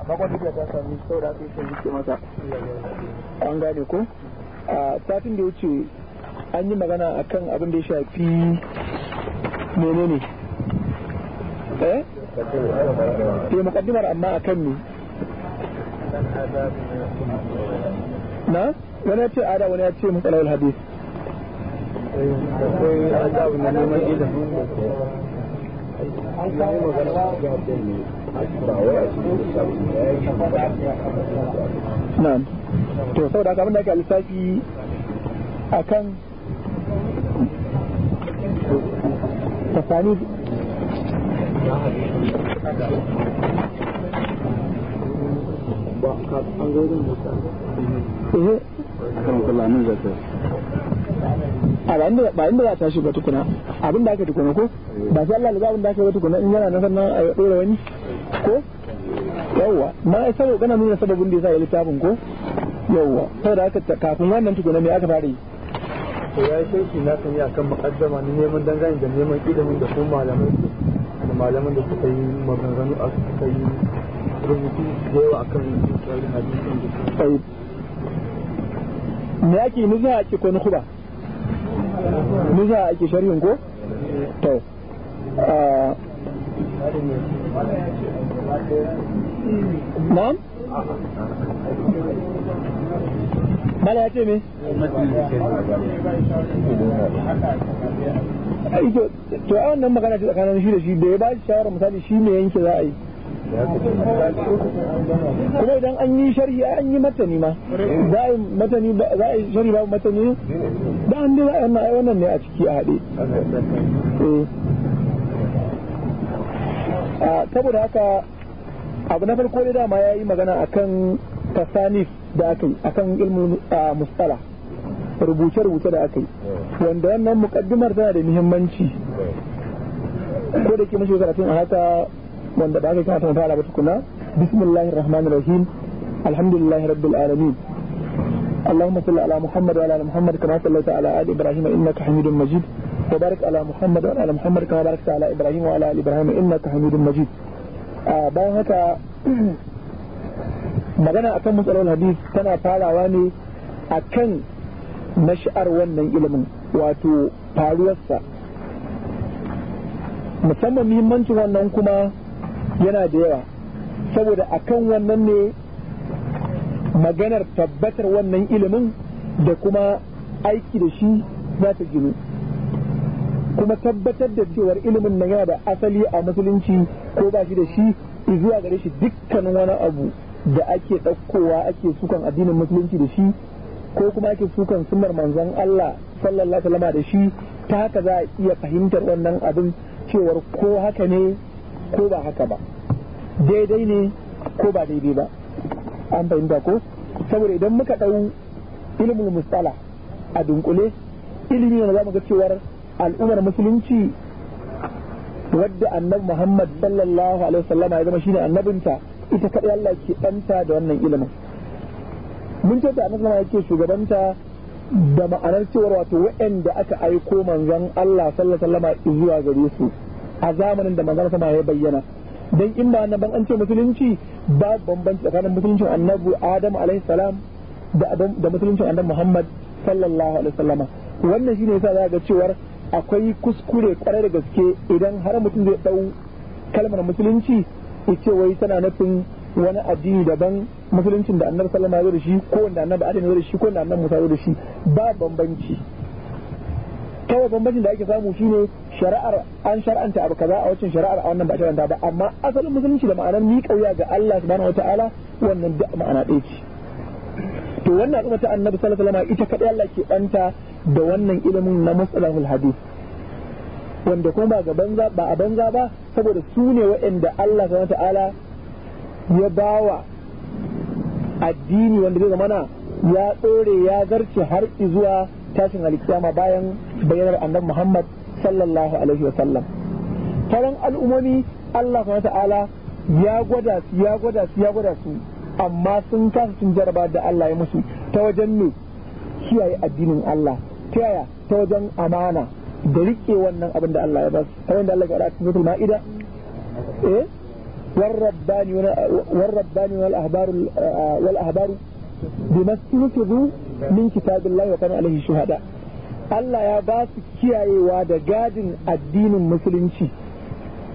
amma ba duk ta sami saura sai sun yake masa an gane ko a satin da wuce an yi magana a kan abin da ya shafi menene eh ke eh, mukaddimar amma a kan ne na wani ya ce ada wani ya ce matsalawar hadis akwai na'am to saboda haka abinda ake lissafi akan tasani eh a ba inda ba inda za a tashi ba tukuna abin da aka tukuna ko ba sai Allah da da aka ba tukuna in yana na sannan a dora wani ko yawwa ma ai saboda kana nuna sababin da yasa ya littafin ko yawwa saboda haka kafin wannan tukuna me aka fara yi to ya shirki na sani akan mukaddama na neman dangane da neman ilimin da kuma malamai da malaman da suka yi maganganu a suka yi rubutu da yawa akan tsarin hadisin da suka yi me yake nufi a cikin hukuba ni za ake sharhin ko to ma'am? bala ya ce me to a wannan magana ce tsakanin shi da shi da ya ba shi shawara misali shi ne yanke za a yi kuma idan an yi sharhi an yi matani ma za a yi matani za a yi sharhi ba matani da an dai za a yi wannan ne a ciki a haɗe eh. saboda haka abu na farko da dama ya yi magana a kan tasanif da aka yi a kan ilmin mustala rubuce-rubuce da aka yi wanda wannan mukaddimar tana da muhimmanci ko da ke mashi karatun a haka wanda ba zai kana ta fara ba tukuna bismillahir rahmanir rahim alhamdulillahi rabbil alamin اللهم صل على محمد وعلى ال محمد كما صليت على ال ابراهيم انك حميد مجيد وبارك على محمد وعلى ال محمد كما باركت على ابراهيم وعلى ال ابراهيم انك حميد مجيد آه bayan haka magana akan matsalar hadith tana farawa ne kan nashar wannan ilimin wato faruwarsa musamman muhimmanci wannan kuma yana da yawa saboda a kan wannan ne maganar tabbatar wannan ilimin da kuma aiki da shi za ta ginu kuma tabbatar da cewar ilimin na yana da asali a musulunci ko ba shi da shi zuwa gare shi dukkanin wani abu da ake ɗaukowa ake sukan addinin musulunci da shi ko kuma ake sukan sunnar manzon Allah sallallahu alaihi da shi ta haka za a iya fahimtar wannan abin cewar ko haka ne ko ba haka ba daidai ne ko ba daidai ba an fahimta ko saboda idan muka ɗau ilimin mustala a dunkule ilimin ne za mu ga cewar al'ummar musulunci wadda annabi Muhammad sallallahu alaihi wasallama ya zama shine annabinta ita kaɗai Allah ke ɗanta da wannan ilimin mun ce da annabi ya yake shugabanta da ma'anar cewar wato waɗanda aka aiko manzon Allah sallallahu alaihi wasallama zuwa gare su a zamanin da manzon sama ya bayyana dan in ba nan ban an ce musulunci ba bambanci tsakanin musuluncin annabi Adam alaihi salam da da musuluncin annabi Muhammad sallallahu alaihi wasallama wannan shine yasa za ga cewar akwai kuskure kwarai da gaske idan har mutum zai dau kalmar musulunci ce wai tana nufin wani addini daban musuluncin da annabi sallallahu alaihi ya zo da shi ko wanda annabi Adam ya zo da shi ko wanda annabi Musa ya zo da shi ba bambanci kawai bambancin da ake samu shine shari'ar an shari'anta abu kaza a wacin shari'ar a wannan ba shar'anta ba amma asalin musulunci da ma'anar ni kauya ga Allah subhanahu wataala wannan duk ma'ana ɗaya ce to wannan al'umma ta annabi sallallahu alaihi ita kadai Allah ke banta da wannan ilimin na masalahul hadith wanda kuma ba ga ba a banza ba saboda su ne waɗanda Allah subhanahu wataala ya bawa addini wanda zai zamana ya tsore ya zarce har zuwa tashin alkiyama bayan bayanar annabi Muhammad sallallahu alaihi wa sallam taron al'umomi Allah subhanahu ta'ala ya gwada su ya gwada su ya gwada su amma sun kasa sun jarba da Allah ya musu ta wajen ne kiyaye addinin Allah ta yaya ta wajen amana da rike wannan abin da Allah ya ba su kamar da Allah ya faɗa cikin suratul ma'ida eh, eh wal ahbaru wal ahbaru بما استنفذوا min kitabillahi wa kana alaihi shuhada Allah ya ba su kiyayewa da gadin addinin musulunci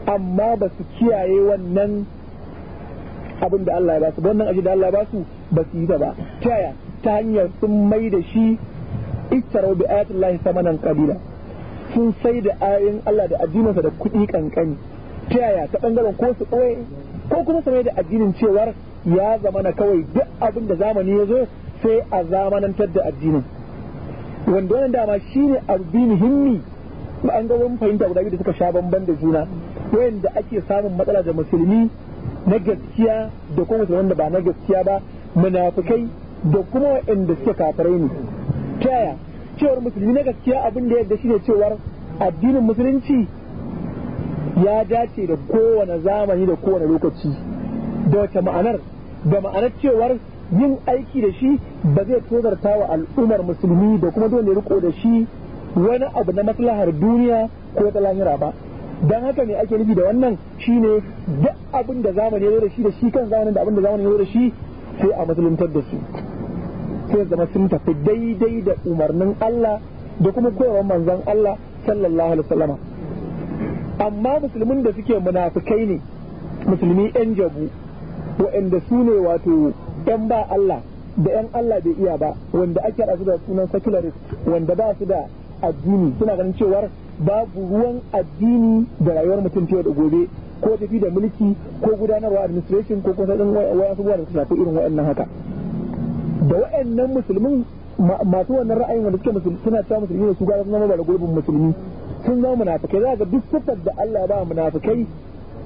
amma ba su kiyaye wannan abin da Allah ya ba su wannan aji da Allah ya ba su ba su yi ta ba ta ta hanyar sun mai da shi istarau bi ayatul lahi samanan qalila sun sai da ayin Allah da addininsa da kuɗi kankani ta ta bangaren ko su ko kuma su da addinin cewar ya zama na kawai duk abin da zamani ya zo sai a zamanantar da addinin wanda wannan dama shine abu muhimmi wani fahimta guda biyu da suka sha bamban da juna wanda ake samun matsala da musulmi na gaskiya da kuma musulman da ba na gaskiya ba munafukai da kuma inda suke kafirai ne ta cewar musulmi na gaskiya abin da yadda ne cewar addinin musulunci ya dace da kowane zamani da kowane lokaci da wace ma'anar da ma'anar cewar yin aiki da shi ba zai tozarta wa al'ummar musulmi da kuma dole riko da shi wani abu na maslahar duniya ko ta lahira ba dan haka ne ake nufi da wannan shine duk abin da zamani ya da shi da shi kan zamani da abin da zamani ya da shi sai a musuluntar da su sai zama sun tafi daidai da umarnin Allah da kuma koyarwar manzon Allah sallallahu alaihi wasallam amma musulmin da suke munafikai ne musulmi yan jabu waɗanda su ne wato dan ba Allah da yan Allah bai iya ba wanda ake rasu da sunan secularist wanda ba su da addini suna ganin cewar babu ruwan addini da rayuwar mutum ta da gobe ko tafi da mulki ko gudanarwa administration ko kusa sadin wayan abubuwa da suka shafi irin waɗannan haka da musulmin masu wannan ra'ayin wanda suke suna cewa musulmi da su gara sun zama da gurbin musulmi sun zama munafikai za ga duk sifar da Allah ba munafukai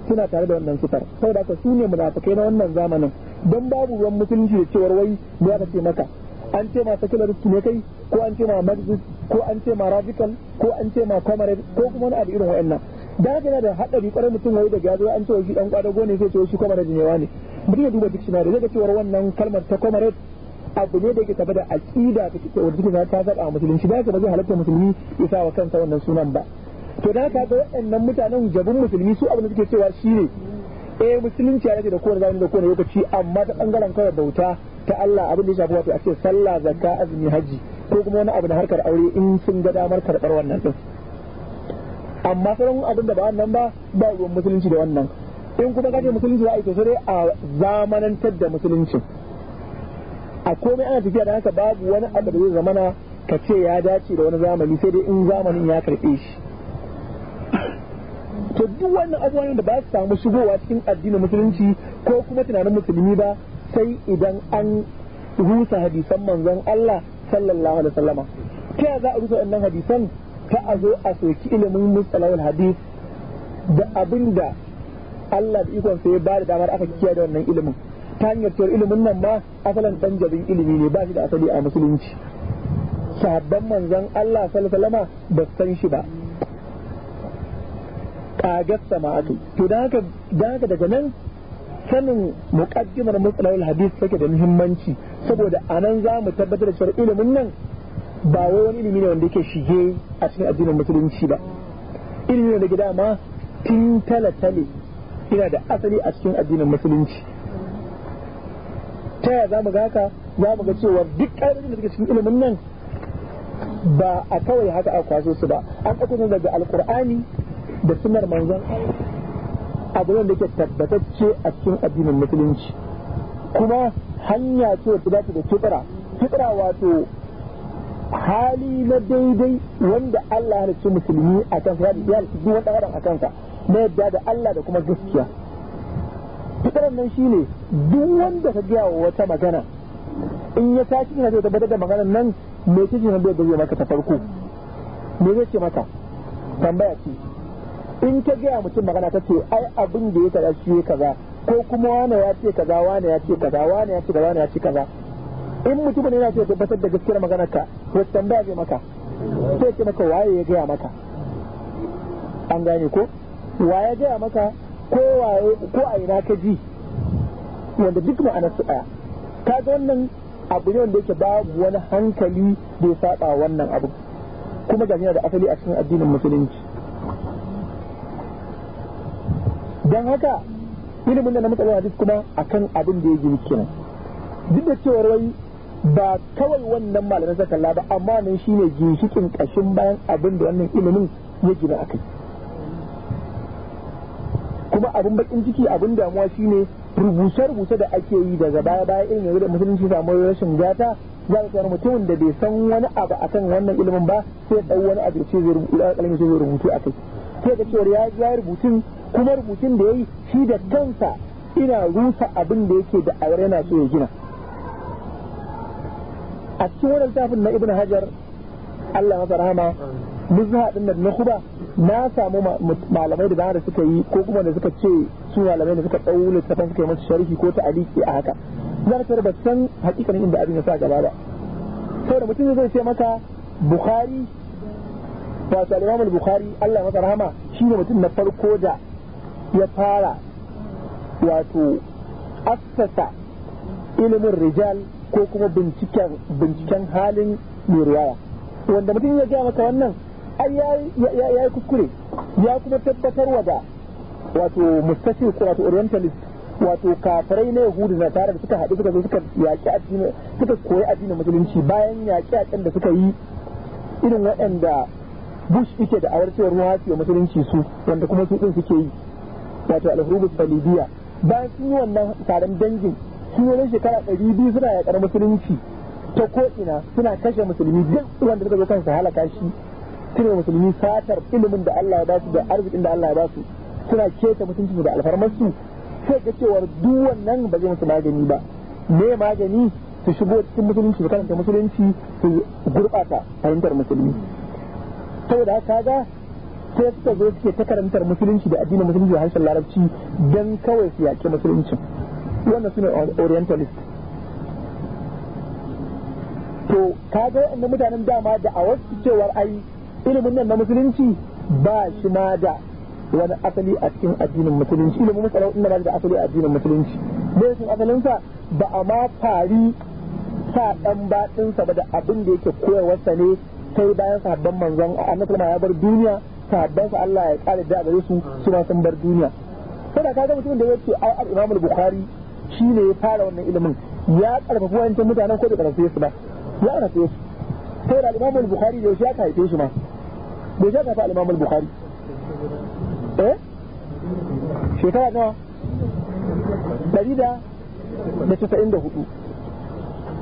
suna tare da wannan sifar saboda haka su ne munafikai na wannan zamanin don babu ruwan musulunci da cewar wai ne aka ce maka an ce ma secularist ne kai ko an ce ma marxist ko an ce ma radical ko an ce ma comrade ko kuma wani abu irin wa'annan da haka yana da haɗari ƙwarar mutum wai da gado an ce wa shi ɗan kwadago ne sai ce shi comrade ne wani mutum ya duba dictionary zai ga cewar wannan kalmar ta comrade abu ne da ke tafi da aƙida ta ke wadda take ta zaɓa a musulunci da haka ba zai halatta musulmi ya sa wa kansa wannan sunan ba to da haka ga waɗannan mutanen jabin musulmi su abu da suke cewa shi ne eh musulunci ya rage da kowane zamani da kowane lokaci amma ta bangaren kawai bauta ta Allah abin da ya shafi wato a ce sallah zakka azumi haji ko kuma wani abu da harkar aure in sun ga damar karɓar wannan din amma sauran abin da ba wannan ba ba ruwan musulunci da wannan in kuma kace musulunci za a yi to sai a zamanantar da musulunci a komai ana tafiya da haka babu wani abu da zai zamana ka ce ya dace da wani zamani sai dai in zamanin ya karɓe shi to duk wannan abubuwan da ba su samu shigowa cikin addinin musulunci ko kuma tunanin musulmi ba sai idan an rusa hadisan manzon Allah sallallahu alaihi wasallama ta za a rusa wannan hadisan ta a zo a soki ilimin musalawul hadis da abinda Allah da ikon sai ba da damar aka kiyaye da wannan ilimin ta hanyar cewar ilimin nan ma asalin dan jabin ilimi ne ba shi da asali a musulunci sahabban manzon Allah sallallahu alaihi wasallama ba san shi ba Hagar sama'atu to dan haka haka daga nan sanin muƙaddimar mustalahul hadith take da muhimmanci saboda a nan za mu tabbatar da cewa ilimin nan ba wai wani ilimi ne wanda yake shige a cikin addinin musulunci ba ilimi ne da gida ma tun talatale ina da asali a cikin addinin musulunci ta yaya za mu ga haka za mu ga cewa duk ƙa'idodin da suke cikin ilimin nan ba a kawai haka a kwaso su ba an ɗauko daga alƙur'ani da sunar manzan abu da ke tabbatacce a cikin addinin musulunci kuma hanya ce ta dace da fitra fitra wato hali na daidai wanda Allah ya ci musulmi a kan sa ya ci duk wanda adam a kansa na yadda da Allah da kuma gaskiya fitran nan shine duk wanda ka gaya wa wata magana in ya tashi ina zai tabbatar da maganar nan me kike nan da zai maka ta farko me zai ce maka tambaya ce in ta gaya mutum magana ta ce ai abin da ya kaza shi ya kaza ko kuma wane ya ce kaza wane ya ce kaza wane ya ce kaza wane ya ce kaza in mutumin yana ce da tabbatar da gaskiyar magana ka to tambaya zai maka sai ce maka waye ya gaya maka an gane ko waye ya gaya maka ko waye ko a ina ka ji wanda duk ma'anar su daya ka ga wannan abu ne wanda yake babu wani hankali da ya saba wannan abu kuma ga da asali a cikin addinin musulunci don haka ilimin da na muka hadis kuma akan abin da ya gini kenan duk da cewar wai ba kawai wannan malamin suka ba amma nan ne ginshikin kashin bayan abin da wannan ilimin ya gina kai. kuma abin bakin ciki abin damuwa shi ne rubuce-rubuce da ake yi daga baya-baya irin yanzu da musulunci samu rashin gata za ka samu mutumin da bai san wani abu akan wannan ilimin ba sai ɗau wani abu ce zai rubutu a kai sai ka cewar ya ya rubutun kuma rubutun da ya yi shi da kansa ina rusa abin da yake da aure yana so ya gina a cikin wannan tafin na Ibn hajar Allah masa rahama muzna din nan na kuba na samu malamai da ba da suka yi ko kuma da suka ce su malamai da suka dau littafin suka yi masa sharhi ko ta aliki a haka zan tar ba san hakikanin inda abin ya sa gaba ba saboda mutum zai ce maka bukhari Wasu al Buhari Allah masa rahama shine mutum na farko da ya fara wato Asasa. ilimin rijal ko kuma binciken halin mai wanda mutum ya gaya maka wannan ya yi kuskure ya kuma wa da wato mustashir ko wato orientalist wato kafirai na yahudu na tare da suka haɗu suka zo suka yaƙi suka koyi addinin musulunci bayan yaƙi yaƙen da suka yi irin waɗanda bush ike da awar cewar ruwa ce musulunci su wanda kuma su ɗin suke yi wato al-hurubus bayan sun yi wannan taron dangin sun yi wani shekara ɗari biyu suna yaƙar musulunci ta ko'ina suna kashe musulmi duk wanda suka zo kansa halaka shi suna musulmi satar ilimin da Allah ya ba su da arzikin da Allah ya ba su suna keta mutuncinsu da alfarmarsu sai ga cewar duk wannan ba zai musu magani ba me magani su shigo cikin musulunci su karanta musulunci su gurɓata fahimtar musulmi saboda haka ga sai suka zo suke ta karantar musulunci da addinin musulunci da harshen larabci don kawai su yaƙi musulunci wannan su ne orientalist to kaga waɗanda mutanen dama da a wasu cewar ai ilimin nan na musulunci ba shi ma da wani asali a cikin addinin musulunci ilimin musulunci inda ba da asali a addinin musulunci bai sun asalinsa ba a ma fari sa ɗan baɗinsa ba da abin da yake koyarwarsa ne sai bayan sahabban manzon annabi sallama ya bar duniya sahabban sa Allah ya kare da gare su su ma sun bar duniya saboda kaga mutumin da yake ai al-Imam al-Bukhari shine ya fara wannan ilimin ya karfafa wancan mutanen ko da karfafe su ba ya karfafe su sai da imam al-Bukhari da ya kai shi ma da ya kafa al-Imam al-Bukhari eh shekara nawa dari da da casa'in da hudu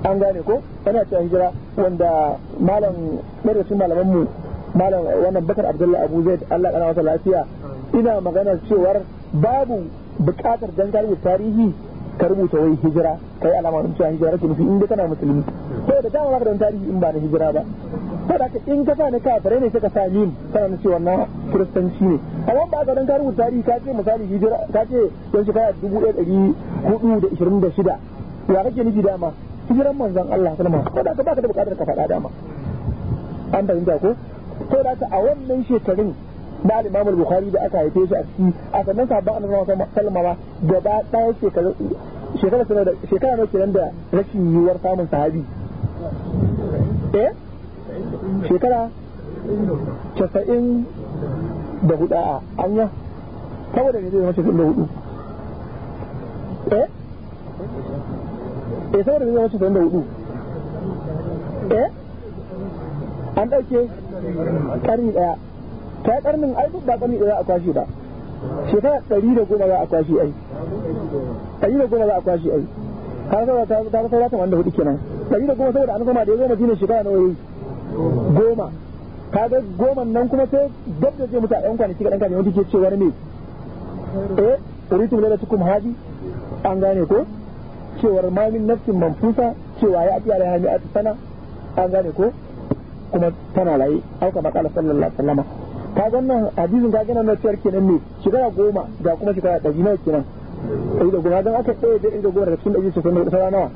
an gane ko ana ce an jira wanda malam ɗaya da malaman mu malam wannan bakar abdullahi abu zaid allah kana masa lafiya ina magana cewar babu buƙatar dan ka rubuta tarihi ka rubuta wai hijira kai alama mun cewa hijira ke nufi in dai kana musulmi ko da dama ka dan tarihi in ba na hijira ba saboda ka in ka sa ni kafirai ne suka sa mim kana nuna cewa na kiristanci ne amma ba ka dan ka rubuta tarihi ka ce misali hijira ka ce yanzu kai dubu ɗaya ɗari hudu da ishirin da shida ya kake nufi dama hijiran manzan Allah nama ko da ka baka da bukatar ka faɗa dama an fahimta ko ko da ka a wannan shekarun da al-Imam al-Bukhari da aka haife shi a ciki a sannan sabon annabi sallama ba gaba ɗaya shekaru shekara sanar da shekara nawa kenan da rashin yiwuwar samun sahabi eh shekara casa'in da hudu a anya saboda ne zai zama casa'in da hudu eh eh saboda zai zama da hudu eh an ɗauke ƙarni ɗaya ta ƙarnin ai duk ba ƙarni ɗaya za a kwashe ba shekara ɗari da goma za a kwashe ai ɗari da goma za a kwashe ai har sau ta ta saura ta wanda hudu kenan ɗari da goma saboda an koma da ya goma shine shekara nawa yayi goma ka goma nan kuma sai gab da zai mutu a ɗan kwanaki ga ɗan wani wanda ke cewar me eh uritum lalatukum hadi an gane ko cewar ma min nafsin manfusa cewa ya ajiya da mi a sana an gane ko kuma tana raye auka kala sallallahu alaihi wasallama ka ga nan hadisin ka ga nan na ciyar kenan ne shekara goma da kuma shekara ɗari jinai kenan ɗari da goma don aka tsaye da ɗari da goma da cikin ɗari sufin da sara nawa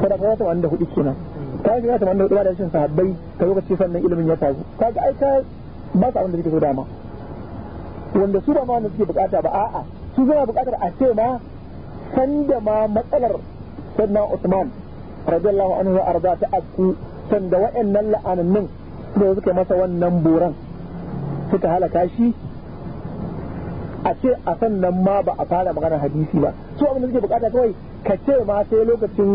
kada kuma ta wanda hudu kenan ka ga ta wanda hudu ba da shin sahabbai ka lokaci sannan ilimin ya tafi ka ga aika ba su abin da suke so dama wanda su ba ma wanda suke bukata ba a'a su zama bukatar a ce ma sanda ma matsalar sannan Usman radiyallahu anhu arda ta afku sanda wa'annan la'anannin da suka masa wannan boran suka halaka shi a ce a sannan ma ba a fara maganar hadisi ba su abin da suke bukata kawai ka ce ma sai lokacin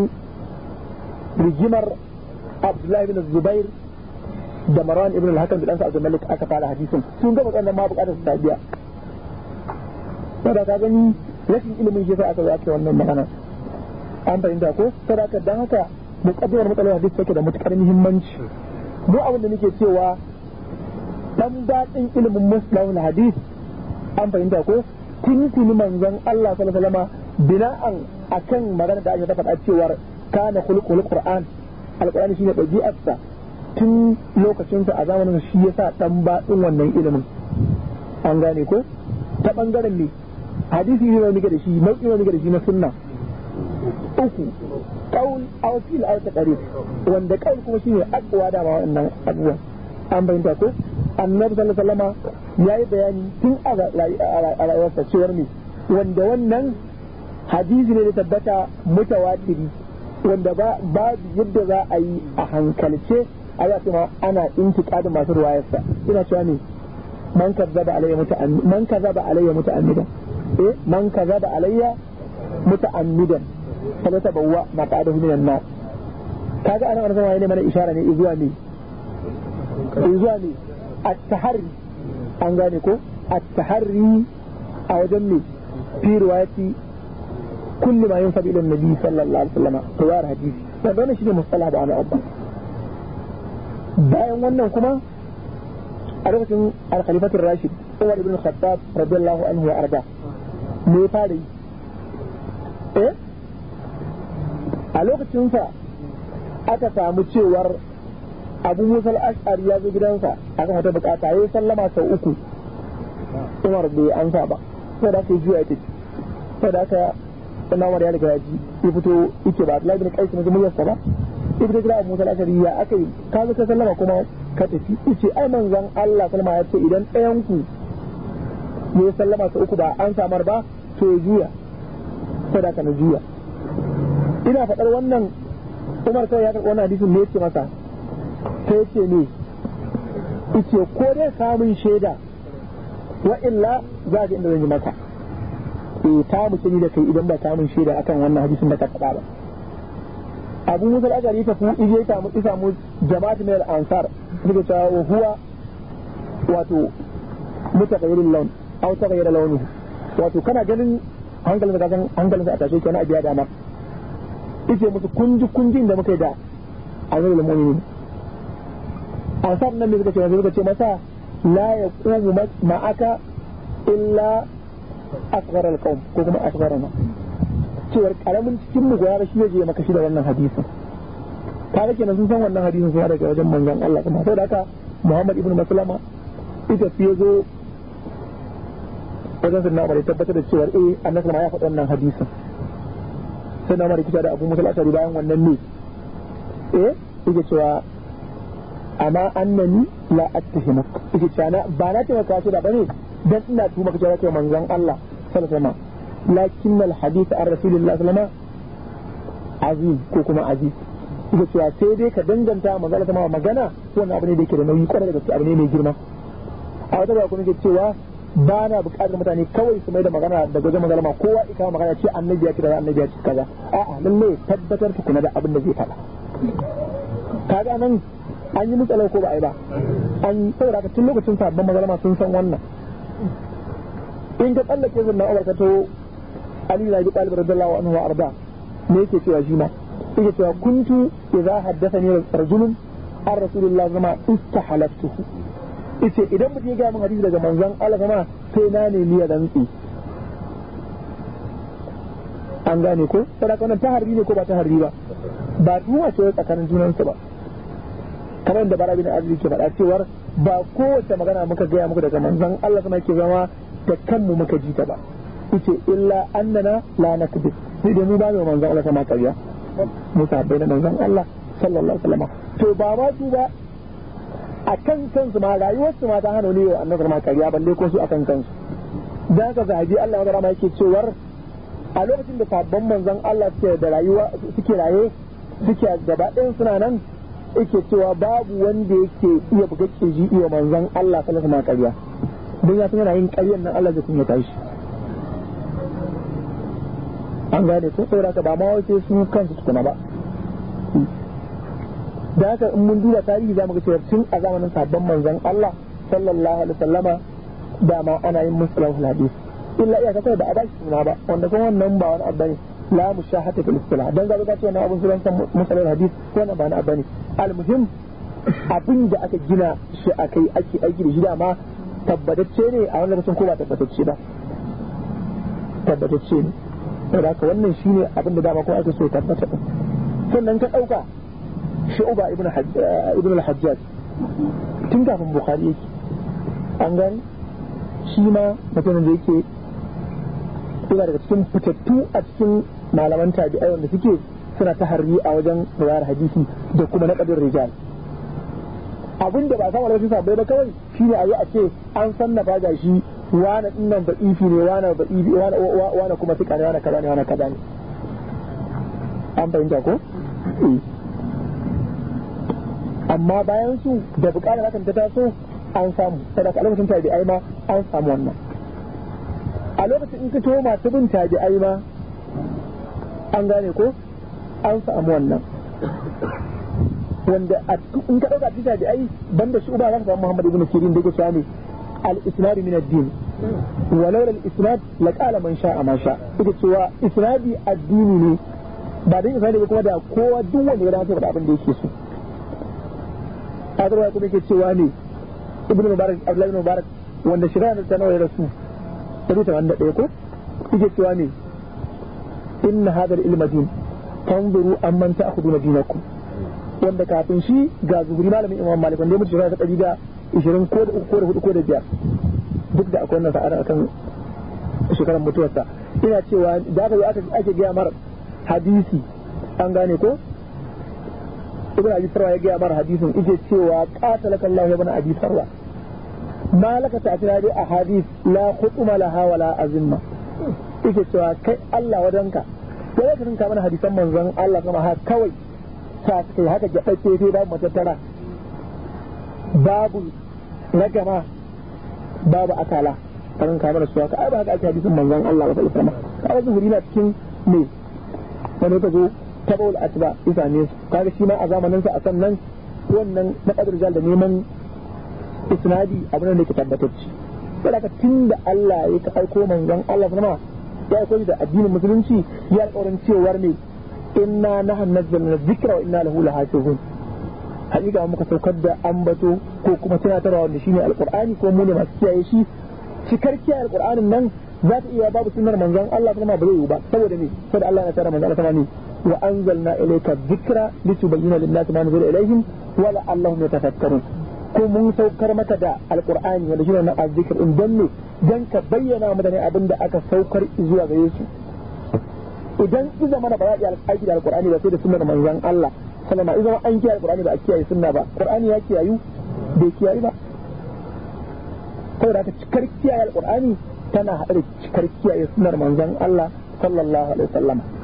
rigimar Abdullahi bin Zubair da Marwan ibn al-Hakam da ɗansa Abdul Malik aka fara hadisin sun gaba tsannan ma bukatar su tabiya. Ba da ka gani rashin ilimin shi aka zo ake wannan magana an fahimta ko saboda haka dan haka muqaddimar matsalar hadisi take da matukar muhimmanci duk abin da nake cewa dan daɗin ilimin muslim hadis an fahimta ko tintini manzon Allah sallallahu alaihi wasallam bina'an akan magana da ake ta faɗa cewa kana khuluqul qur'an alqur'ani shine dabi'arsa tun lokacin sa a zamanin shi yasa dan baɗin wannan ilimin an gane ko ta bangaren ne hadisi ne wani ga da shi nau'i wani ga da shi na sunna uku kaul aw fil aw taqrir wanda kaul kuma shine akwa da ma wannan abuwa an bayyana ko annabi sallallahu alaihi wasallam yayi bayani tun a rayuwarsa cewar ne wanda wannan hadisi ne da tabbata mutawatiri wanda ba babu yadda za a yi a hankalce a yi kuma ana intiqadin masu ruwayarsa ina cewa ne man kazzaba alayya muta'ammida man kazzaba alayya muta'ammida إيه من كذب علي متعمدا فليتبوأ مقعده من النار كذا أنا أنا سمعه من إشارة إزواني إزواني التحري ان أنغانيكو التحري أو جمي في روايتي كل ما ينسب إلى النبي صلى الله عليه وسلم طوار حديثي فبنا شنو مصطلح ده أنا أبا bayan wannan kuma a lokacin alkhalifatul rashid umar ibn khattab radiyallahu anhu ya arda me fara yi eh a lokacin sa aka samu cewar abu musal ash'ari ya zo gidansa aka hata bukata ya sallama sau uku umar bai amsa ba sai da yi juya ya sai da ka sannan umar ya riga ya ji ya fito yake ba abdullahi na qais ne muryarsa ba ya fito gida abu musal ash'ari ya aka yi ka zo ka sallama kuma ka tafi yace ai manzon Allah sallama ya ce idan ɗayan ku ya sallama sau uku ba an samar ba to jiya sadaka na jiya ina faɗar wannan umar kai ya karɓi wannan hadisin ne ce masa ta yake ne ice ko dai samun shaida wa illa za ka inda zan yi maka e ta muke ni da kai idan ba samun mun shaida akan wannan hadisin da ka faɗa ba abu musul al'ajari ta kuma ije ta mu isa mu jama'at min al-ansar suka cewa huwa wato mutaghayyirul launi aw taghayyara launuhu wato kana ganin hankalin da gan hankalin da a tashi kenan a biya dama yace musu kunji kunjin da muka yi da amirul mu'minin sa nan ne suka ce suka ce masa la yaqumu ma'aka illa asghar al-qawm ko kuma na cewar karamin cikin mu gwara shi yaje maka shi da wannan hadisin kare kenan sun san wannan hadisin sai daga wajen manzon Allah kuma da haka Muhammad ibn Maslama ita fiye zo wajen sun namar ya tabbatar da cewar eh annabi ma ya faɗi wannan hadisin sai namar kusa kisa da abu musul asari bayan wannan ne eh yake cewa amma annani la attahimuk yake cewa na ba na taimaka ce da bane dan ina maka cewa kai manzon Allah sallallahu alaihi wasallam lakin al hadith an rasulillah sallallahu azim ko kuma aziz yake cewa sai dai ka danganta manzon Allah magana wannan abu ne da yake da nauyi kwarai da gaske abu ne mai girma a wata ba kuma yake cewa ba na buƙatar mutane kawai su mai da magana da gwajen magalama kowa ika magana ce annabi ya kira annabi ya ce kaza a'a lalle tabbatar ku kuna da abin da zai faɗa kaga nan an yi mutsalar ko ba a yi ba an saboda ka tun lokacin sabon mazalama sun san wannan in ka tsallake zan na umar ka to ali na bi ɗalibar da anhu wa arda me yake cewa shi ma yake cewa kuntu idza haddathani rajulun an rasulullahi zama istahalaftuhu ita idan mutum ya gaya min hadisi daga manzon Allah kuma sai na ne ya rantsi an gane ko sadaka wannan harbi ne ko ba harbi ba ba duwa ce tsakanin junansu ba kamar da barabi na arziki ke faɗa cewar ba kowace magana muka gaya muku daga manzon Allah kuma ke zama da kanmu muka ji ta ba yace illa annana la nakbi sai da mu ba mu manzon Allah kuma kariya mu tabbai na manzon Allah sallallahu alaihi wasallam to ba su ba a kan kansu ma rayuwarsu ma ta hana wani yau annabi ma kariya balle ko su a kan kansu da ka sahabi Allah ya rama yake cewar a lokacin da sabon manzon Allah suke da rayuwa suke raye suke gaba ɗayan suna nan yake cewa babu wanda yake iya buga kirji iya manzon Allah sallallahu alaihi karya. don ya san yana yin karyan nan Allah zai kunya tashi an gane ko saboda ka ba ma wace su kansu tukuna ba da haka in mun duba tarihi mu ga cewa tun a zamanin sabon manzon Allah sallallahu alaihi wasallama dama ana yin musalahul hadis illa iya ka da abashi suna ba wanda kuma wannan ba wani abu ne la mushahata fil istilah dan zaka ce wannan abun sunan musalahul hadis wannan ba wani abu ne almuhim abin da aka gina shi akai ake aiki da shi dama tabbatacce ne a wani lokacin ko ba tabbatacce ba tabbatacce ne da haka wannan shine abin da dama ko ake so tabbata sannan ka dauka shu'uba ibn al-hajjaj tun kafin bukhari yake an gani shi ma mutumin da yake yana daga cikin fitattu a cikin malaman tabi'ai wanda suke suna ta harri a wajen riwayar hadisi da kuma na kadin rijal abin da ba san da wasu sabai ba kawai shi ne a yi a ce an sannafa ga shi wani dinnan ba ifi ne wani ba ifi wani kuma suka ne wani kaza ne wani kaza ne an fahimta ko? amma bayan su da bukatar hakan ta taso an samu sadaka a lokacin tabi'ai ma an samu wannan a lokacin in ka to masu bin tabi'ai ma an gane ko an samu wannan wanda in ka ɗauka cikin tabi'ai banda shi uba za ka samu Muhammad ibn Sirin da ke cewa al-isnad min ad-din walau al-isnad la qala man sha'a ma sha yake cewa isnadi addini ne ba dai isnadi ba kuma da kowa duk wanda ya dace da abin da yake so a zarwa kuma cewa ne ibn mubarak abdullahi mubarak wanda shirya na nawa ya rasu ɗari tamanin da ɗaya ko yake cewa ne inna hadar ilmadin tanzuru an manta a kudu madinakum wanda kafin shi ga zuhuri malamin imam malik wanda ya mutu shirya ta ɗari da ishirin ko da uku ko da hudu ko da biyar duk da akwai wannan sa'ada akan shekarar mutuwarsa ina cewa da aka yi aka gaya mara hadisi an gane ko ibn abi sarwa ya gaya mara hadisin ije cewa qatala kallahu ibn abi sarwa ma laka ta'tira a hadis la khutuma laha wala azimma ije cewa kai Allah wadanka sai ka tunka mana hadisan manzon Allah kuma ha kawai ta kai haka gabace sai babu matattara babu gama babu akala kan kamar su haka ai ba haka ake hadisin manzon Allah sallallahu alaihi wasallam a zuhuri na cikin ne wani ta tabawul atba isa su kaga shi ma a zamanin sa a sannan wannan na kadar jal da neman isnadi abin da ke tabbatacce sai ka tunda Allah ya ta aiko manzon Allah kuma ya aiko da addinin musulunci ya alƙawarin cewar ne inna nahnu nazzalna dhikra wa inna lahu lahafizun hakika muka saukar da ambato ko kuma tunatarwa wanda shine alqur'ani ko mu ne masu kiyaye shi kiyaye alqur'anin nan za ta iya babu sunnar manzon Allah kuma ba zai yi ba saboda ne saboda Allah ya tsara manzon Allah ta ne وأنزلنا إليك الذكرى لتبين للناس ما نزل إليهم ولعلهم يتفكرون ko mun saukar mata da alkur'ani wanda shi ne na azzikir in don ne don ka bayyana mutane abin da aka saukar zuwa gare su idan iza mana ba za a iya aiki da alkur'ani ba sai da sunnar manzon Allah sallama idan an kiyaye alkur'ani ba a kiyaye sunna ba qur'ani ya kiyayu bai kiyaye ba saboda ka cikar kiyaye alkur'ani tana haɗa da cikar kiyaye sunnar manzon Allah sallallahu alaihi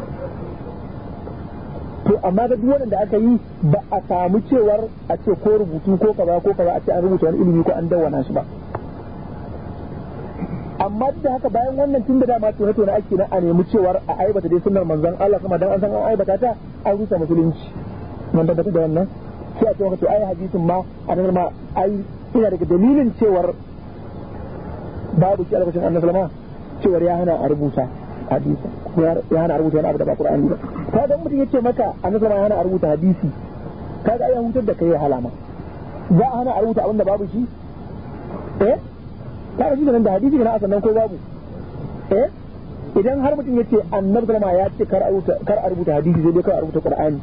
to amma da duk wannan da aka yi ba a samu cewar a ce ko rubutu ko kaza ko kaza a ce an rubuta wani ilimi ko an dawwana shi ba amma duk da haka bayan wannan tun da dama tona tona ake na a nemi cewar a aibata dai sunnar manzon Allah kuma dan an san an aibata ta an rusa musulunci da tabbata da wannan sai a ce wato ai hadisin ma a nan ma ai ina daga dalilin cewar babu shi alƙashin annabi sallama cewar ya hana a rubuta hadisin ya hana rubuta wani abu da ba Qur'ani ba kaga mutum yace maka annabi sallallahu alaihi wasallam ya rubuta hadisi kaga ya hutar da kai ya halama za a hana a rubuta abin da babu shi eh kaga shi da hadisi kana sannan ko babu eh idan har mutum yace annabi sallallahu ya ce kar a rubuta kar a rubuta hadisi zai dai kar a rubuta Qur'ani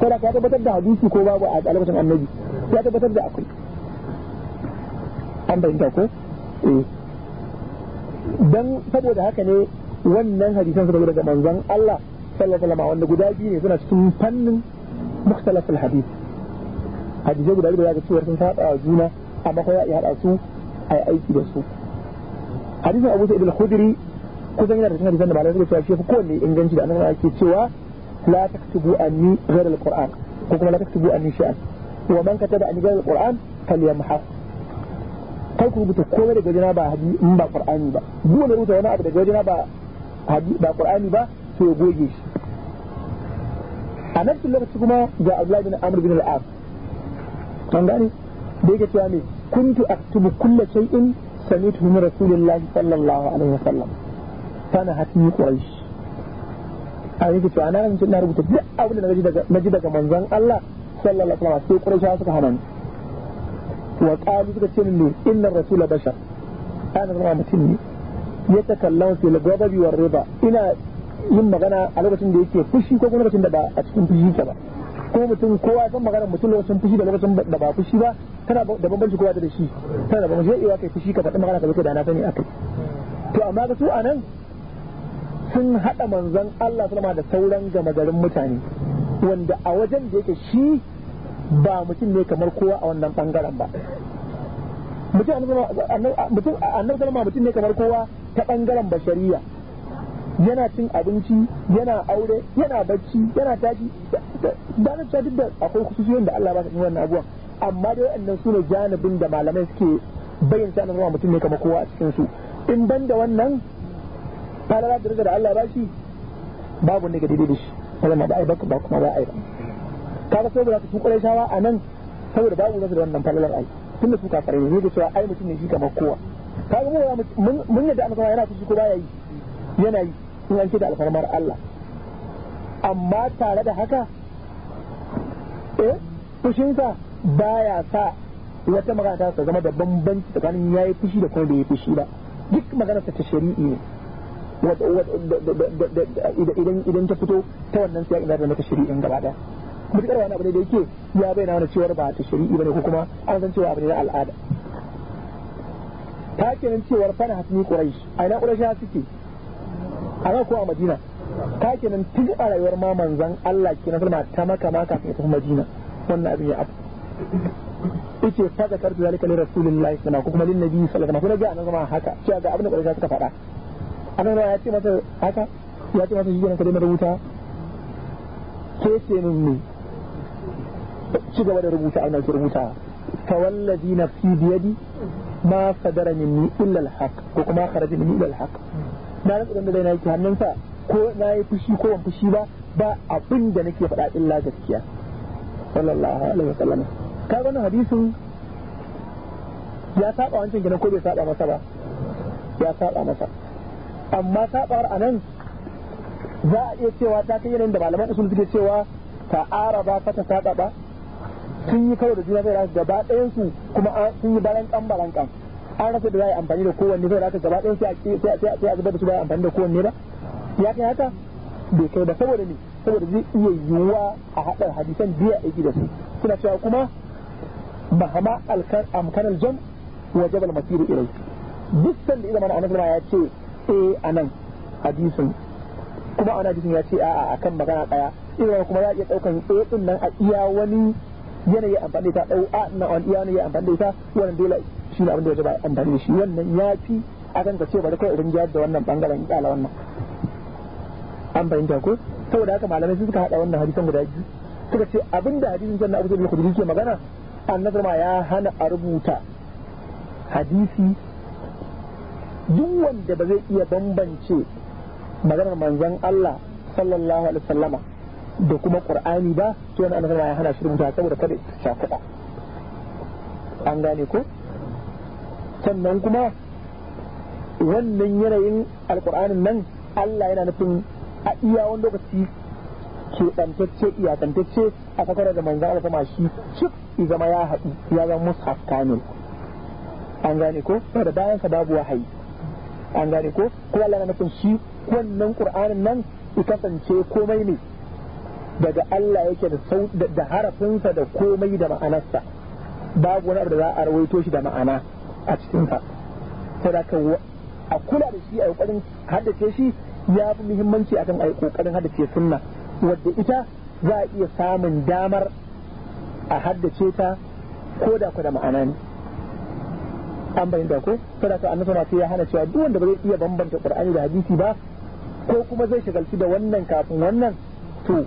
ko da ka tabbatar da hadisi ko babu a lokacin annabi ya tabbatar da akwai an bayyana ko eh dan saboda haka ne wannan hadisan suka zo daga manzon Allah sallallahu alaihi wanda guda biyu ne suna cikin fannin mukhtalaful hadith hadisai guda biyu da cewa sun saba juna amma kuma ya hada su ai aiki da su hadisin Abu Sa'id al-Khudri kusan yana da cikin hadisan da malamai suka cewa shi fi kowanne inganci da annabi ake cewa la taktubu anni ghayra al-Qur'an ko kuma la taktubu anni shay'an wa man kataba anni ghayra al-Qur'an falyamhaq kai ku rubuta komai daga jina ba hadi in ba Qur'ani ba duk wanda rubuta wani abu daga jina ba ba qur'ani ba sai ya goge shi a nan lokaci kuma ga Abdullahi bin Amr bin al-As an gane da yake cewa ne kuntu aktubu kullu shay'in sami'tu min rasulillah sallallahu alaihi wasallam kana hatmi quraish a yake cewa na rancin na rubuta duk abin da na ji daga manzon Allah sallallahu alaihi wa sallam sai quraish suka hana ni wa qalu suka ce min inna rasula bashar ana zama mutum ne ya kallon fil gobabi war riba ina yin magana a lokacin da yake fushi ko kuma lokacin da ba a cikin fushi ta ba ko mutum kowa san magana mutum lokacin fushi da lokacin da ba fushi ba tana da bambanci kowa da shi tana da bambanci zai iya kai fushi ka faɗi magana ka zo da na sani akai to amma ga su anan sun haɗa manzon Allah sallama da sauran gama garin mutane wanda a wajen da yake shi ba mutum ne kamar kowa a wannan bangaren ba mutum annabi sallama mutum ne kamar kowa ta ɓangaren bashariya yana cin abinci yana aure yana bacci yana tashi ba na cewa duk da akwai kusurciyoyin da Allah ba ta wannan abubuwan amma dai waɗannan su ne janibin da malamai suke bayyana sanar wa mutum ne kama kowa a cikin su in ban da wannan falala da da Allah ba shi babu ne ga daidai da shi wannan ba ai ba kuma ba ai ba kaga saboda ka tukure shawa a nan saboda babu nasu da wannan falalar ai tunda su kafare ne da cewa ai mutum ne shi kama kowa kaga mu mun yadda annabi yana fushi ko baya yi yana yi sun yanke da alfarmar Allah amma tare da haka eh fushinsa baya sa wata magana ta zama da bambanci tsakanin yayi fushi da kuma bai yi fushi ba duk magana ta shari'i ne idan ta fito ta wannan sai ina da mata shari'in gaba daya mutukar wani abu ne da yake ya bayyana wani cewar ba ta shari'i bane ko kuma an san cewa abu ne na al'ada ta kenan cewar fana hasmi quraish a ina quraisha suke a nan ko a madina ta kenan tun a rayuwar ma manzan. Allah ke na salma ta maka ma kafin ta madina wannan abin ya abu yace fa da kartu zalika li rasulillahi sallallahu ko kuma lin nabi sallallahu alaihi wasallam ga nan zama haka cewa ga abin da quraisha suka faɗa A anan ya ce masa haka ya ce masa shi kenan ka daina rubuta ke ce min ne ci gaba da rubuta a nan ki rubuta fa wallazi fi biyadi ma sadara minni ni illal haq ko kuma kharaja minni illal al-haq na rasa da na hannun sa ko na yi fushi ko ban fushi ba ba abin da nake faɗa illa gaskiya sallallahu alaihi wasallam ka ga hadisin ya saba wancan gidan ko bai saba masa ba ya saba masa amma sabar anan za a iya cewa ta kai yanayin da malaman usul suke cewa ta'araba ka ta saba ba sun yi kawai da juna zai da gaba ɗayan su kuma sun yi baran kan baran kan an rasa da za a yi amfani da kowanne sai da aka gaba ɗayan sai a zubar da su ba amfani da kowanne ba ya kai haka bai kai ba saboda ne saboda zai iya yiwuwa a haɗar hadisan biya aiki da su suna cewa kuma mahama amkanar jam wa jabal masiru irai duk da idan mana annabi ya ce eh anan hadisin kuma ana hadisin ya ce a'a akan magana daya idan kuma ya iya daukan eh din nan a iya wani yana yi amfani da ita au a na on iya yi amfani da ita wannan dole shi ne abin da ya zaba amfani da shi wannan ya fi akan ka ce bari kai irin jihar da wannan bangaren kyala wannan an fahimta ko saboda haka malamai suka hada wannan hadisan guda biyu suka ce abin da hadisin janna abu da kudiri ke magana annabi ma ya hana a rubuta hadisi duk wanda ba zai iya bambance maganar manzon Allah sallallahu alaihi wasallama da kuma qur'ani ba to yana annabi ya hana shi rubuta saboda kada ta an gane ko sannan kuma wannan yanayin alƙur'anin nan Allah yana nufin a iya wani lokaci ke ɗantacce iyakantacce a kakar da manzan Allah sama shi cik zama ya haɗu ya zama mushaf kamil an gane ko da bayan sa babu wahayi an gane ko ko Allah yana nufin shi wannan Qur'anin nan ya kasance komai ne daga Allah yake da harafinsa da komai da ma'anarsa babu wani abu da za a rawaito shi da ma'ana a cikinsa saboda a kula da shi a yi haddace shi ya fi muhimmanci akan a yi ƙoƙarin haddace sunna wadda ita za a iya samun damar a haddace ta ko da ku da ma'ana ne an da ku? saboda ka annabi sai ya hana cewa duk wanda ba zai iya bambanta qur'ani da hadisi ba ko kuma zai shagalci da wannan kafin wannan to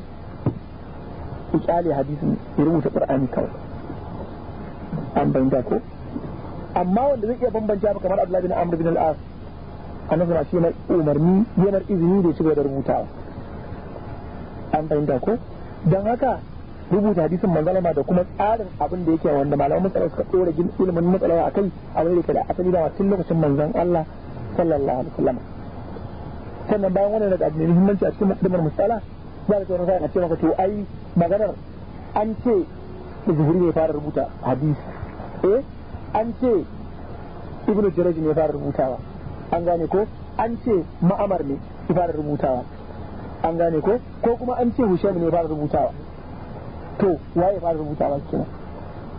ku kyale hadisin rubuta qur'ani kawai an bayyana ko amma wanda zai iya bambanta ba kamar Abdullah bin Amr bin al-As annabi ba shi mai umarni yanar izini da shi da rubutawa an bayyana ko dan haka rubuta hadisin manzalama da kuma tsarin abin da yake wanda malaman matsalar suka tsora ilimin matsalawa a kai a wani ke da asali da tun lokacin manzan Allah sallallahu alaihi wasallam sannan bayan wannan da muhimmanci a cikin mukaddimar musala ba da tsoron sa na ce maka to ai maganar an ce zuhuri ne fara rubuta hadis eh an ce ibnu jiraji ne fara rubutawa an gane ko an ce ma'amar ne ya fara rubutawa an gane ko ko kuma an ce husham ne fara rubutawa to waye fara rubutawa kenan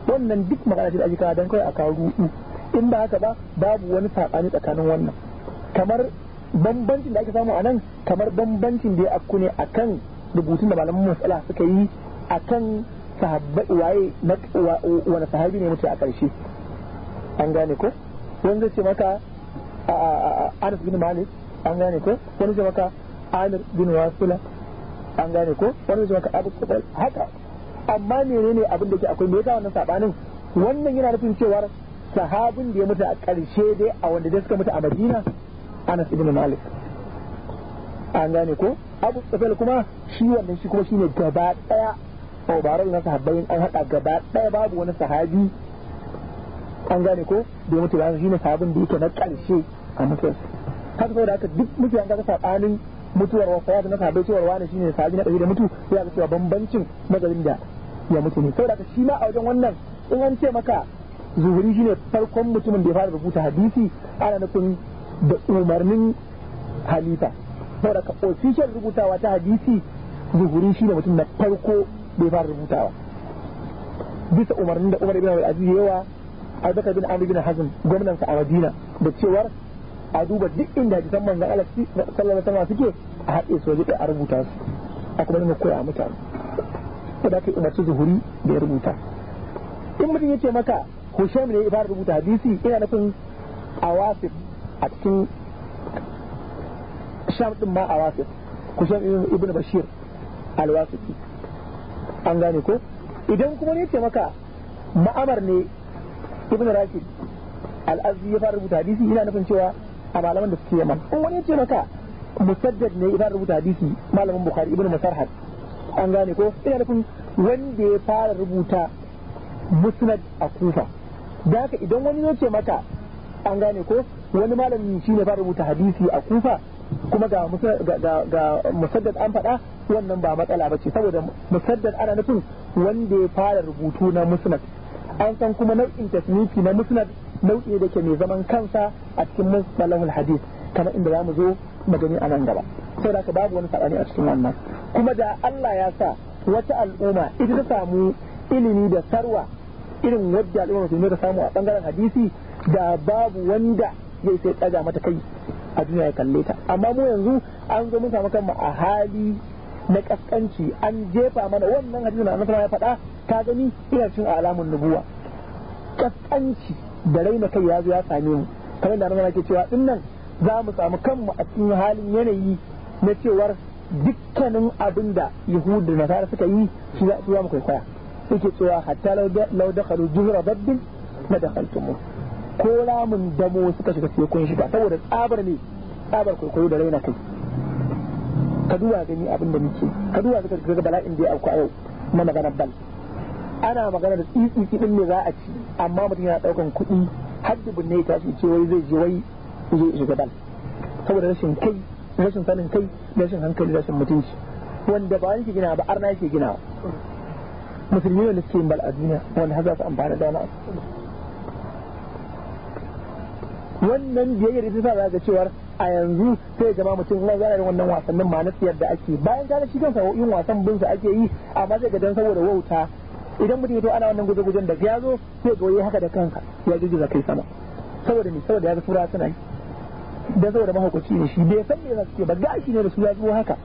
wannan duk magana ce da ajikawa dan don kawai a kawo rudu in ba haka ba babu wani saɓani tsakanin wannan kamar bambancin da ake samu a nan kamar bambancin da ya akku ne kan. rubutun da malaman matsala suka yi akan sahabbai waye wani sahabi ne mutu a ƙarshe an gane ko wani zai ce maka Anas bin Malik an gane ko wani zai maka Amir bin wasula an gane ko wani zai maka Abu Kubal haka amma menene abin da ke akwai me yasa wannan sabanin wannan yana nufin cewar sahabin da ya mutu a ƙarshe dai a wanda dai suka mutu a Madina Anas ibn Malik an gane ko abu tsafel kuma shi wannan shi kuma shi ne gaba daya a barai na sahabbai an hada gaba daya babu wani sahabi an gane ko domin mutu shi ne sahabin da yake na karshe a mutuwarsa haka saboda haka duk mutane ga sabanin mutuwar wafayat na sahabbai cewar wani shine sahabi na ɗari da mutu sai ga cewa bambancin mazalin da ya mutu ne saboda haka shi ma a wajen wannan in an ce maka zuhuri shine farkon mutumin da ya fara rubuta hadisi ana nufin da umarnin halifa saboda official rubutawa ta hadisi zuhuri shi shine mutum na farko bai fara rubutawa bisa umarnin da Umar ibn Abdul yawa zaka bin Amr bin hazin gwamnan sa a Madina da cewar a duba duk inda hadisan manzon alaƙi sallallahu alaihi wasallam suke a haɗe su waje a rubuta su a kuma nuna koya mutane ko da kai umarci zuhuri da ya rubuta in mutum ya ce maka Husham ne ya fara rubuta hadisi ina nufin a wasif a cikin sham din ma a wasu kusan ibn bashir alwasiki an gane ko idan kuma ne ce maka ma'amar ne ibn rashid al'azzi ya fara rubuta hadisi yana nufin cewa a malaman da suke yaman in wani ce maka musaddad ne ya fara rubuta hadisi malamin bukhari ibn musarhad an gane ko ina nufin wanda ya fara rubuta musnad a kufa da haka idan wani ya ce maka an gane ko wani malami shi ne fara rubuta hadisi a kufa kuma ga musaddad an faɗa wannan ba matsala ba ce saboda musaddad ana nufin wanda ya fara rubutu na musnad an san kuma nau'in tasnifi na musnad nau'i da ke mai zaman kansa a cikin musnadul hadisi kamar inda za mu zo magani a nan gaba da ka babu wani saɓani a cikin wannan kuma da Allah ya sa wata al'umma ita ta samu ilimi da sarwa irin wadda al'umma musulmi ta samu a bangaren hadisi da babu wanda zai sai tsaga mata kai a duniya ya kalle ta amma mu yanzu an zo mun samu kanmu a hali na kaskanci an jefa mana wannan hadisi na annabi ya faɗa ka gani ina cin alamun nubuwa kaskanci da raina kai ya zo ya same mu kamar da annabi ke cewa nan za mu samu kanmu a cikin halin yanayi na cewar dukkanin abin da yahudu da nasara suka yi shi za su mu kwaikwaya suke cewa hatta lau da dakhalu juhra babbin da dakhaltum ko ramin damo suka shiga tekun shiga saboda tsabar ne tsabar kwaikwayo da raina kai ka duba gani abin da muke ka duba suka shiga bala'in da ya auku a yau na maganar bal ana magana da tsitsitsi din ne za a ci amma mutum yana daukan kuɗi har dubin ne ta ce wai zai je wai zai shiga bal saboda rashin kai rashin sanin kai rashin hankali rashin mutunci wanda ba wani ke gina ba arna yake gina musulmi ne suke yin bal a duniya wanda har za su amfana da wani wannan biyayyar ita sa za ga cewar a yanzu sai gama mutum kuma zai wannan wasannin ma na tsiyar da ake bayan ta shi kansa yin wasan bin ake yi amma zai ga dan saboda wauta idan mutum ya to ana wannan guje-gujen da ya zo sai ga yi haka da kanka ya jujjuza kai sama saboda ni saboda ya ga tura suna yi dan saboda mahaukaci ne shi bai san me za su ce ba gashi ne da su ya zo haka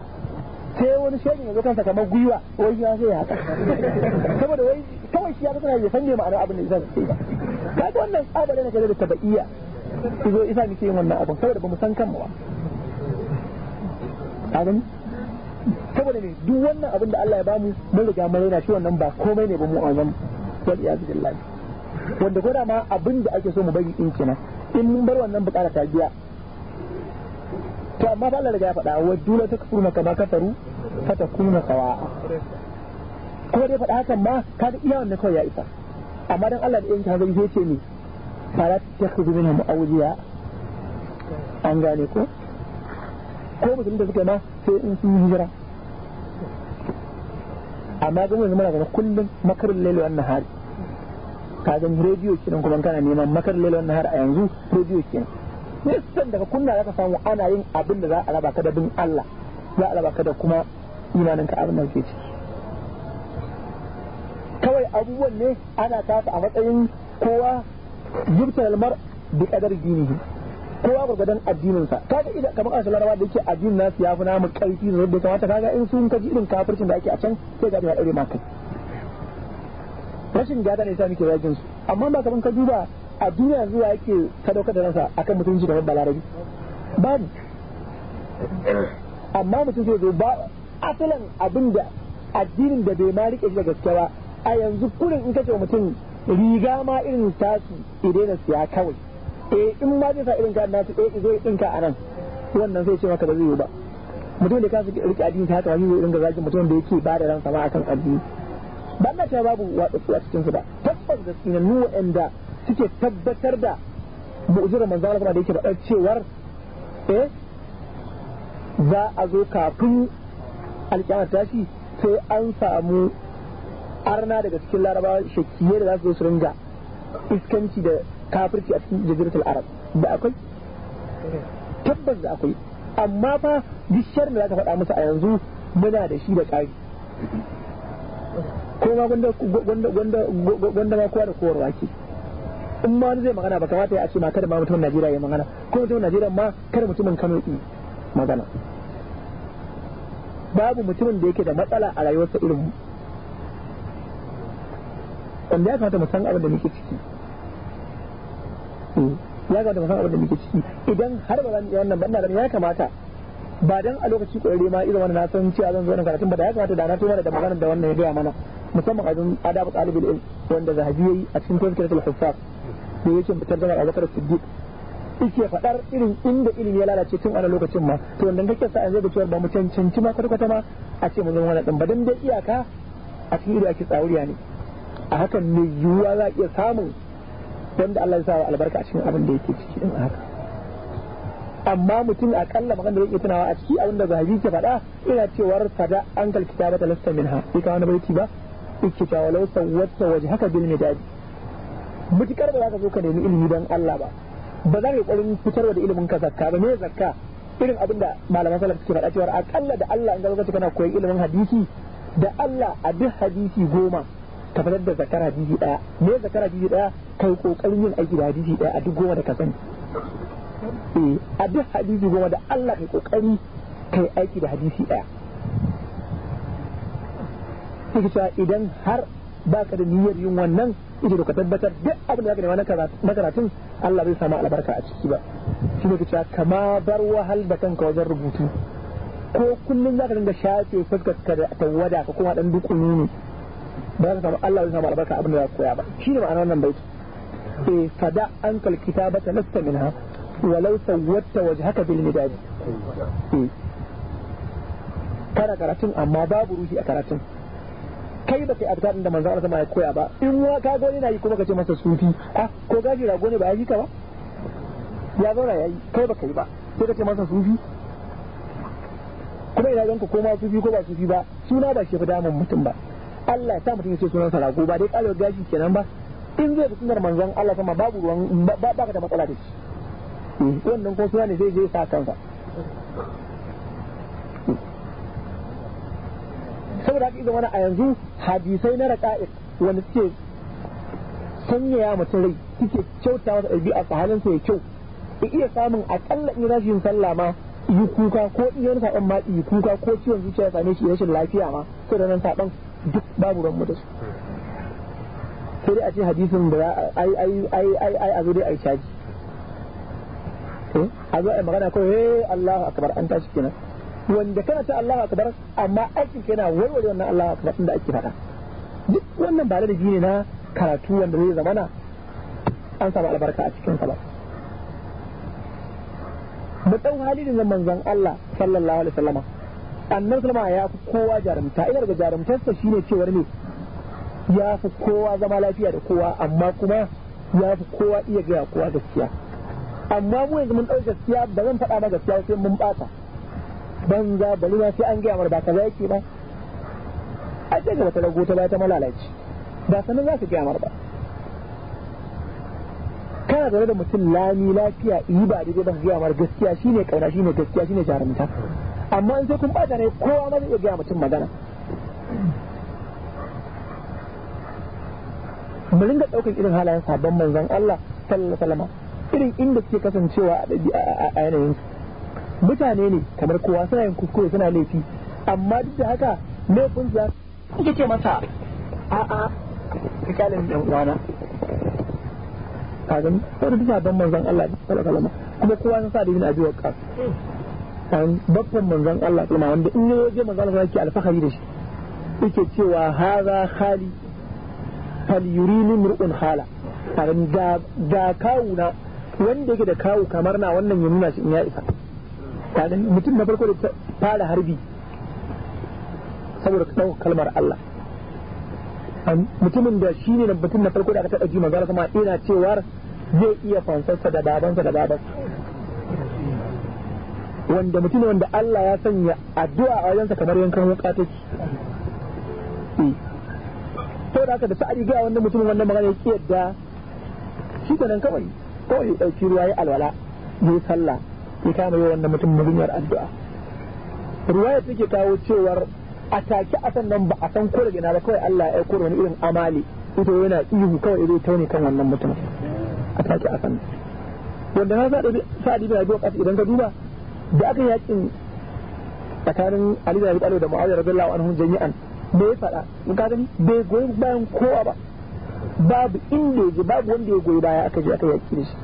sai wani shege ya zo kansa kamar gwiwa wai ya sai haka saboda wai kawai shi ya ga suna yi san me ma'anar abin da ya sa ba kaga wannan tsabare na kaje da tabaiya su zo isa muke yin wannan abin saboda ba mu san kanmu ba adam saboda ne duk wannan abin da Allah ya bamu mun riga mun raina shi wannan ba komai ne ba mu azam zan wal iyaz billahi wanda ko da ma abin da ake so mu bari in kina in mun bar wannan bukara ta biya to amma fa Allah riga ya faɗa wa dula takfuruna kama kafaru fatakuna sawa ko dai faɗa hakan ma ka da iya wannan kawai ya isa amma dan Allah da yake hanzari sai ce ne ta fala tattakhidhu minhum awliya an gane ko ko mutum da suke ma sai in sun hijira amma ga mu zama daga kullum makarin lailu wannan hari ka ga rediyo kenan kuma kana neman makarin lailu wannan hari a yanzu rediyo kenan nisan daga kunna ka samu ana yin abin da za a raba ka da bin Allah za a raba ka da kuma imanin ka abin da ke ciki kawai abubuwan ne ana tafi a matsayin kowa yubtar almar bi kadar dinihi kowa addinin addininsa kaga idan kamar ashe larawa da yake addinin nasu ya fi namu karfi da yadda kamata kaga in sun kaji irin kafircin da ake a can sai ga ya daure maka rashin gada ne sa muke zagin su amma ba kaman ka duba a duniya ya yake sadaukar da ransa akan mutunci da babba larabi ba amma mutum zai zo ba asalin abin da addinin da bai ma rike shi da gaskiya ba a yanzu kurin in kace mutum riga ma irin tasu idai na siya kawai eh in ma zai sa irin kayan nasu eh zai dinka a nan wannan zai ce maka ba zai yi ba mutum da kasu rike addini ta haka wani zai dinga zagin mutum da yake bada ransa ma akan addini ba na cewa babu watsa a cikinsu ba tabbas da sinannu waɗanda suke tabbatar da mu'jirar manzo Allah da yake faɗar cewar eh za a zo kafin alƙiyama tashi sai an samu arna daga cikin larabawa shakkiye da za su zo su ringa iskanci da kafirci a cikin jaziratul arab da akwai tabbas da akwai amma fa bishiyar sharri za ka faɗa musu a yanzu muna da shi da ƙari ko ma gwanda ma kowa da kowarwa ke in ma wani zai magana ba kamata ya ce ma kada ma mutumin najeriya ya magana ko mutumin najeriya ma kada mutumin kano yi magana babu mutumin da yake da matsala a rayuwarsa irin wanda ya kamata mu san abin da muke ciki hmm. ya kamata mu san abin da muke ciki idan har ba zan yi wannan ba ina ganin ya kamata ba dan a lokaci ƙwararre ma irin wannan na san cewa zan zo nan karatun ba da ya kamata da na tuma da maganar da wannan ya gaya mana musamman azun adabu ɗalibin ilm wanda zahabi yayi a cikin tafsiratul huffaz da yake fitar da Abubakar Siddiq yake faɗar irin inda ilimi ya lalace tun ana lokacin ma to wannan kake sa an zai da cewa ba mu cancanci ma kwata-kwata ma a ce mu zama wani din ba dan da iyaka a cikin iri ake tsawuriya ne a hakan mai yiwuwa za a iya samun wanda Allah ya sa albarka a cikin abin da yake ciki in haka amma mutum a kalla magana da yake tunawa a ciki abinda zahabi ke faɗa ina cewar fada an kalkita ba talasta minha sai ka wani baiti ba ikki cewa walau waje haka bil daji. mutukar ba za ka zo ka nemi ilimi dan Allah ba ba za ka yi ƙwarin fitar da ilimin ka zakka ba me zakka irin abin da malaman salaf ke faɗa cewa akalla da Allah in ga lokaci kana koyi ilimin hadisi da Allah a duk hadisi goma kamar da zakara jiji daya me zakara jiji daya kai kokarin yin aiki da hadisi ɗaya a duk goma da ka sani eh, a duk hadisi goma da Allah kai kokari kai aiki da hadisi daya take cewa idan har baka da niyyar yin wannan ita da ka tabbatar duk abin da zaka nema na karatun Allah bai samu albarka a ciki ba shi ne kama bar wahal da kanka wajen rubutu ko kullum zaka dinga shafe fuskar ka da tawada ka kuma dan dukuni ne ba za samu Allah zai samu albarka abin da za koya ba shi ne ma'ana wannan baiti eh fada an kal kitabata lasta minha walau sawwatta wajhaka bil midad eh. kana karatun amma babu ruhi a karatun kai ba kai abkarin da manzo Allah sama ya koya ba in wa ka gani na yi kuma ka ce masa sufi ah ko gaji rago ne ba ya yi ka ba ya zauna ya yi kai ba kai ba sai ka ce masa sufi kuma ina ganka ko ma sufi ko ba sufi ba suna ba shi fi damun mutum ba Allah ya sa mutum ya ce sunan rago ba dai ƙalar gashi kenan ba in zai bi sunar manzon Allah sama babu ruwan ba ka da matsala da shi hmm, wannan ko suna ne zai je sa kansa saboda haka idan wani a yanzu hadisai na raka'ir wanda suke sanyaya mutum rai suke kyauta masa ɗabi'a a halin sa ya kyau ya iya samun akalla in rashin sallah ma yi kuka ko iya wani saɓon ma yi kuka ko ciwon zuciya ya same shi rashin lafiya ma sai da nan saɓon duk babu ran mu su sai dai a ce hadisin da ai ai ai a zo dai ai caji a zo ai magana kawai hey Allah akbar an tashi kenan wanda kana ta Allah akbar amma aikin kana warware wannan Allah akbar din da ake faɗa duk wannan ba da ne na karatu wanda zai zamana an samu albarka a cikin sa ba mu halin da zan Allah sallallahu alaihi wasallama annan sulama ya fi kowa jarumta ina daga jarumtarsa shine cewar ne ya fi kowa zama lafiya da kowa amma kuma ya fi kowa iya gaya kowa gaskiya amma mu yanzu mun ɗauki gaskiya ba zan faɗa ma gaskiya sai mun ɓata ban bari ma sai an gaya mar ba kaza yake ba a ce ga wata rago ta baya ta malalaci ba sanin za ka gaya mar ba kana zaune da mutum lami lafiya yi ba daidai ba gaya mar gaskiya shine kauna shine gaskiya shine jarumta amma in sai kun bata ne kowa ma zai iya gaya mutum magana mu ringa ɗaukar irin halayen sabon manzon Allah sallallahu alaihi wasallam irin inda suke kasancewa a yanayin mutane ne kamar kowa suna yin kuskure suna laifi amma duk da haka laifin za su ce masa a'a ka kyalin ɗan uwana ka gani sai da duk sabon manzon Allah sallallahu alaihi wasallam kuma kowa ya sa da yin ajiyar kasu an babban manzan Allah kuma wanda in ya je manzon Allah yake alfahari da shi yake cewa haza hali fal yurini mur'un hala. karin da da kawuna wanda yake da kawu kamar na wannan ya nuna shi in ya isa kaga mutum na farko da fara harbi saboda ɗaukar kalmar Allah mutumin da shi ne mutum na farko da aka taɓa ji manzon Allah kuma ina cewar zai iya fansarsa da babansa da babansa wanda mutum wanda Allah ya sanya addu'a a wajensa kamar yankan wuka ta ci. to da haka da sa'adi ga wannan mutumin wanda magana ya yadda shi nan kawai kawai ya dauki ruwa ya alwala ya sallah ya kama yi wanda mutum mugunyar addu'a Ruwa ya take kawo cewar a take a sannan ba a san kore gina ba kawai Allah ya kore wani irin amali ita yana ihu kawai zai tauni kan wannan mutum a take a sannan wanda na sa'adi bin abi waqas idan ka duba da aka yakin tsakanin Ali da Abi Talib da Muawiya radiyallahu anhu jami'an me ya faɗa in ka gani bai goyi bayan kowa ba babu inda yaje babu wanda ya goyi baya aka je aka yaki da shi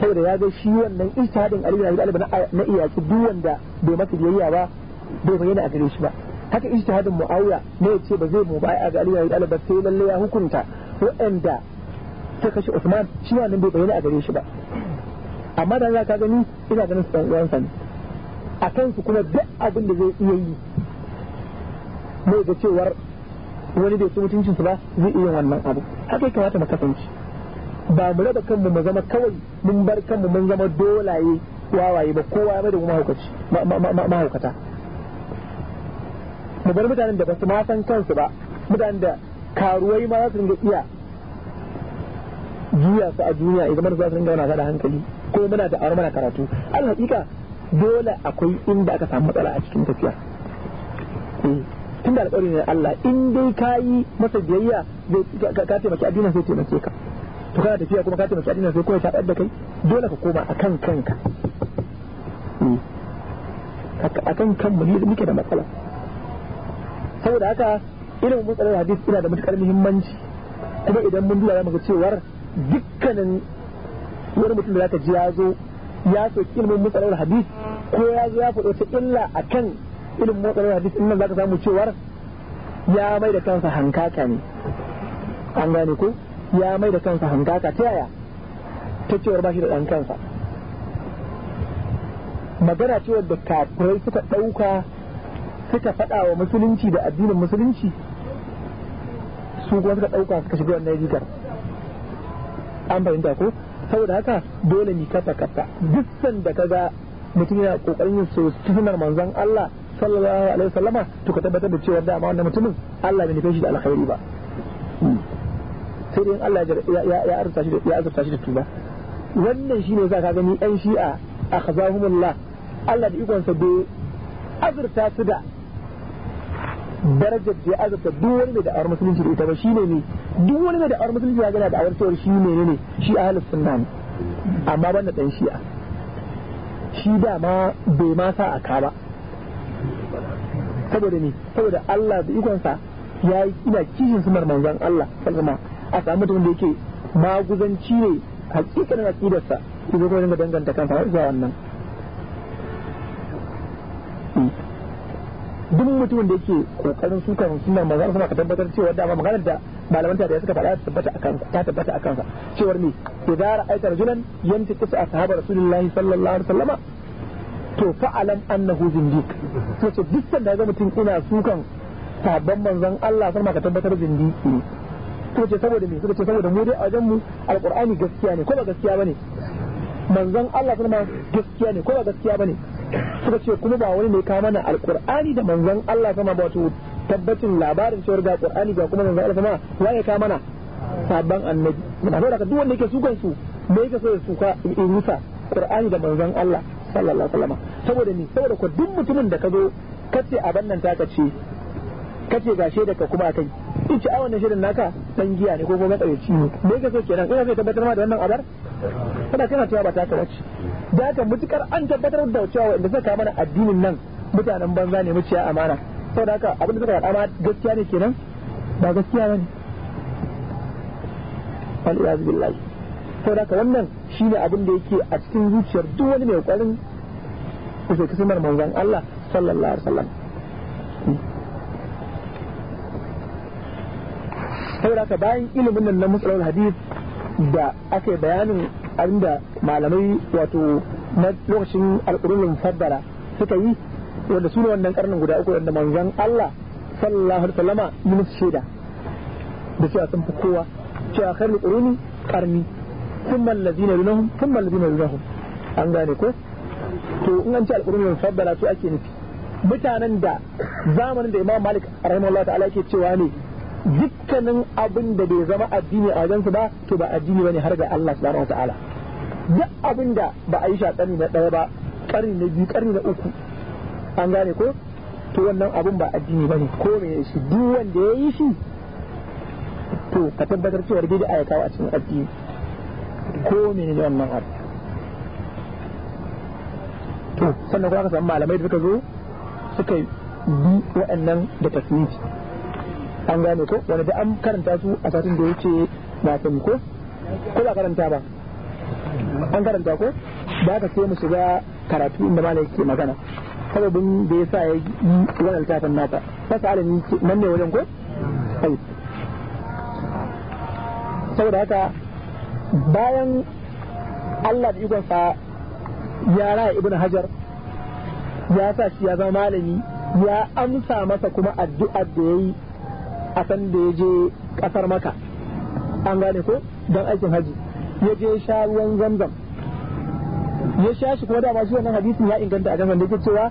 saboda ya ga shi wannan ijtihadin Ali da Abi Talib na iyaki duk wanda bai masa biyayya ba bai bayyana a gare shi ba haka ijtihadin Muawiya ne ya ce ba zai mu baya ga Ali da Abi ba sai lalle ya hukunta waɗanda ta kashe Usman shi wannan bai bayyana a gare shi ba amma da za ka gani ina ganin su ɗan ne a kansu kuma duk abin da zai iya yi mai ga cewar wani bai ci mutuncinsu ba zai iya wannan abu haka ya kamata mu kasance ba mu raba kanmu mu zama kawai mun bar kanmu mun zama dolaye wawaye ba kowa ya da mahaukaci mahaukata mu bar mutanen da ba su ma san kansu ba mutanen da karuwai ma za su ringa iya juya su a duniya idan za su ringa wani da hankali ko muna da aure muna karatu al hakika dole akwai inda aka samu matsala a cikin tafiya eh, tunda alƙawari ne Allah in dai ka yi masa biyayya ka taimaki addinin sai taimake ka to kana tafiya kuma ka taimaki addinin sai kuma ta da kai dole ka koma akan kanka eh, akan kanmu ne muke da matsala saboda haka ilimin matsalar hadisi ina da matukar muhimmanci kuma idan mun duba mu ga cewar dukkanin wani mutum da zaka ji ya zo ya soki ilimin matsalar hadis ko ya zo ya faɗo ta illa a kan ilimin matsalar hadis in nan zaka samu cewar ya mai da kansa hankaka ne an gane ko ya mai da kansa hankaka ta yaya ta cewar ba shi da ɗan kansa magana ce wadda kafirai suka ɗauka suka faɗa wa musulunci da addinin musulunci su kuma suka ɗauka suka shiga wannan jikar an fahimta ko saboda haka dole ne kafa kafa duk sanda kaga mutum yana kokarin yin so sunnar manzon Allah sallallahu alaihi wasallama to ka tabbatar da cewa dama wannan mutumin Allah bai nufe shi da alkhairi ba sai dai Allah ya arsa shi ya arzuta shi da tuba wannan shine za ka gani ɗan shi'a akhazahumullah Allah da ikonsa bai azurta su da darajar da ya azabta duk wani mai da'awar musulunci da ita ba shine ne duk wani mai da'awar musulunci ya gana da'awar cewar shi ne ne shi ahlus sunna ne amma banda dan shi'a shi dama bai ma sa a kaba. ba saboda ne saboda Allah da ikonsa ya yi ina kishin sunar manzon Allah sallama a samu mutum da yake maguzanci ne hakikanin aqidarsa idan ko dinga danganta kansa zuwa wannan duk mutumin da yake kokarin sukan suna magana suna ka tabbatar cewa dama maganar da malaman da suka faɗa tabbata akan ta tabbata akan sa cewa ne idan ra'aita rajulan kisa ashab rasulullahi sallallahu alaihi wasallama to fa'alam annahu zindiq to ce duk sanda ga mutum ina sukan sabon manzon Allah sai ka tabbatar zindiki ne to ce saboda me suka ce saboda mu dai a wajen mu alqur'ani gaskiya ne ko ba gaskiya bane manzon Allah sai gaskiya ne ko ba gaskiya bane suka ce kuma ba wani ne ka mana alkur'ani da manzon Allah sama ba wato tabbacin labarin cewar ga alkur'ani ga kuma manzon Allah sama waye ka mana sabon annabi Na da duk wanda yake sukan su me yake so ya suka in rusa qur'ani da manzon Allah sallallahu alaihi wasallam saboda ni saboda ko duk mutumin da ka zo kace a bannan ta kace kace ga shaida ka kuma kai in ci awon shirin naka dan giya ne ko kuma ci ne me yake so kenan ina so tabbatar ma da wannan abar kana kana cewa ba ta ka wacce da haka mutukar an tabbatar da cewa wanda suka mana addinin nan mutanen banza ne muciya amana saboda haka abin da suka faɗa ma gaskiya ne kenan ba gaskiya ba ne wal billahi saboda haka wannan shine abin da yake a cikin zuciyar duk wani mai kwarin kusa kasumar manzan Allah sallallahu alaihi wasallam saboda haka bayan ilimin nan na musalul hadith da aka yi bayanin abinda malamai wato na lokacin alƙururin fadara suka yi wanda su ne wannan karnin guda uku wanda manzan Allah sallallahu alaihi wasallama yi musu shaida da cewa sun fi kowa cewa khairul sun mallazi na allazina sun mallazi na yunhum an gane ko to in an ce alqurunul fadara su ake nufi mutanen da zamanin da Imam Malik rahimahullah ta'ala yake cewa ne dukkanin abin da bai zama addini a wajensu ba to ba addini bane har ga Allah subhanahu wataala duk abin da ba a yi shi ƙarni na ɗaya ba ƙarni na biyu ƙarni na uku an gane ko to wannan abin ba addini bane ko me shi duk wanda ya yi shi to ka tabbatar cewa bid'a ya kawo a cikin addini ko me ne wannan abu to sannan kuma ka samu malamai da suka zo suka bi wa'annan da tasmiti an gane ko wanda da an karanta su a satin da yake na sani ko ko ba karanta ba an karanta ko ba ka sai mu shiga karatu inda malai ke magana sababin da yasa ya yi wannan littafin nata sa alimi nan ne wajen ko saboda haka bayan Allah da sa ya raya ibn hajar ya sa shi ya zama malami ya amsa masa kuma addu'ar da ya yi a san da ya je kasar maka an gane ko don aikin haji ya je sha ruwan zamzam ya sha shi kuma dama shi wannan hadisi ya inganta a gangan da ke cewa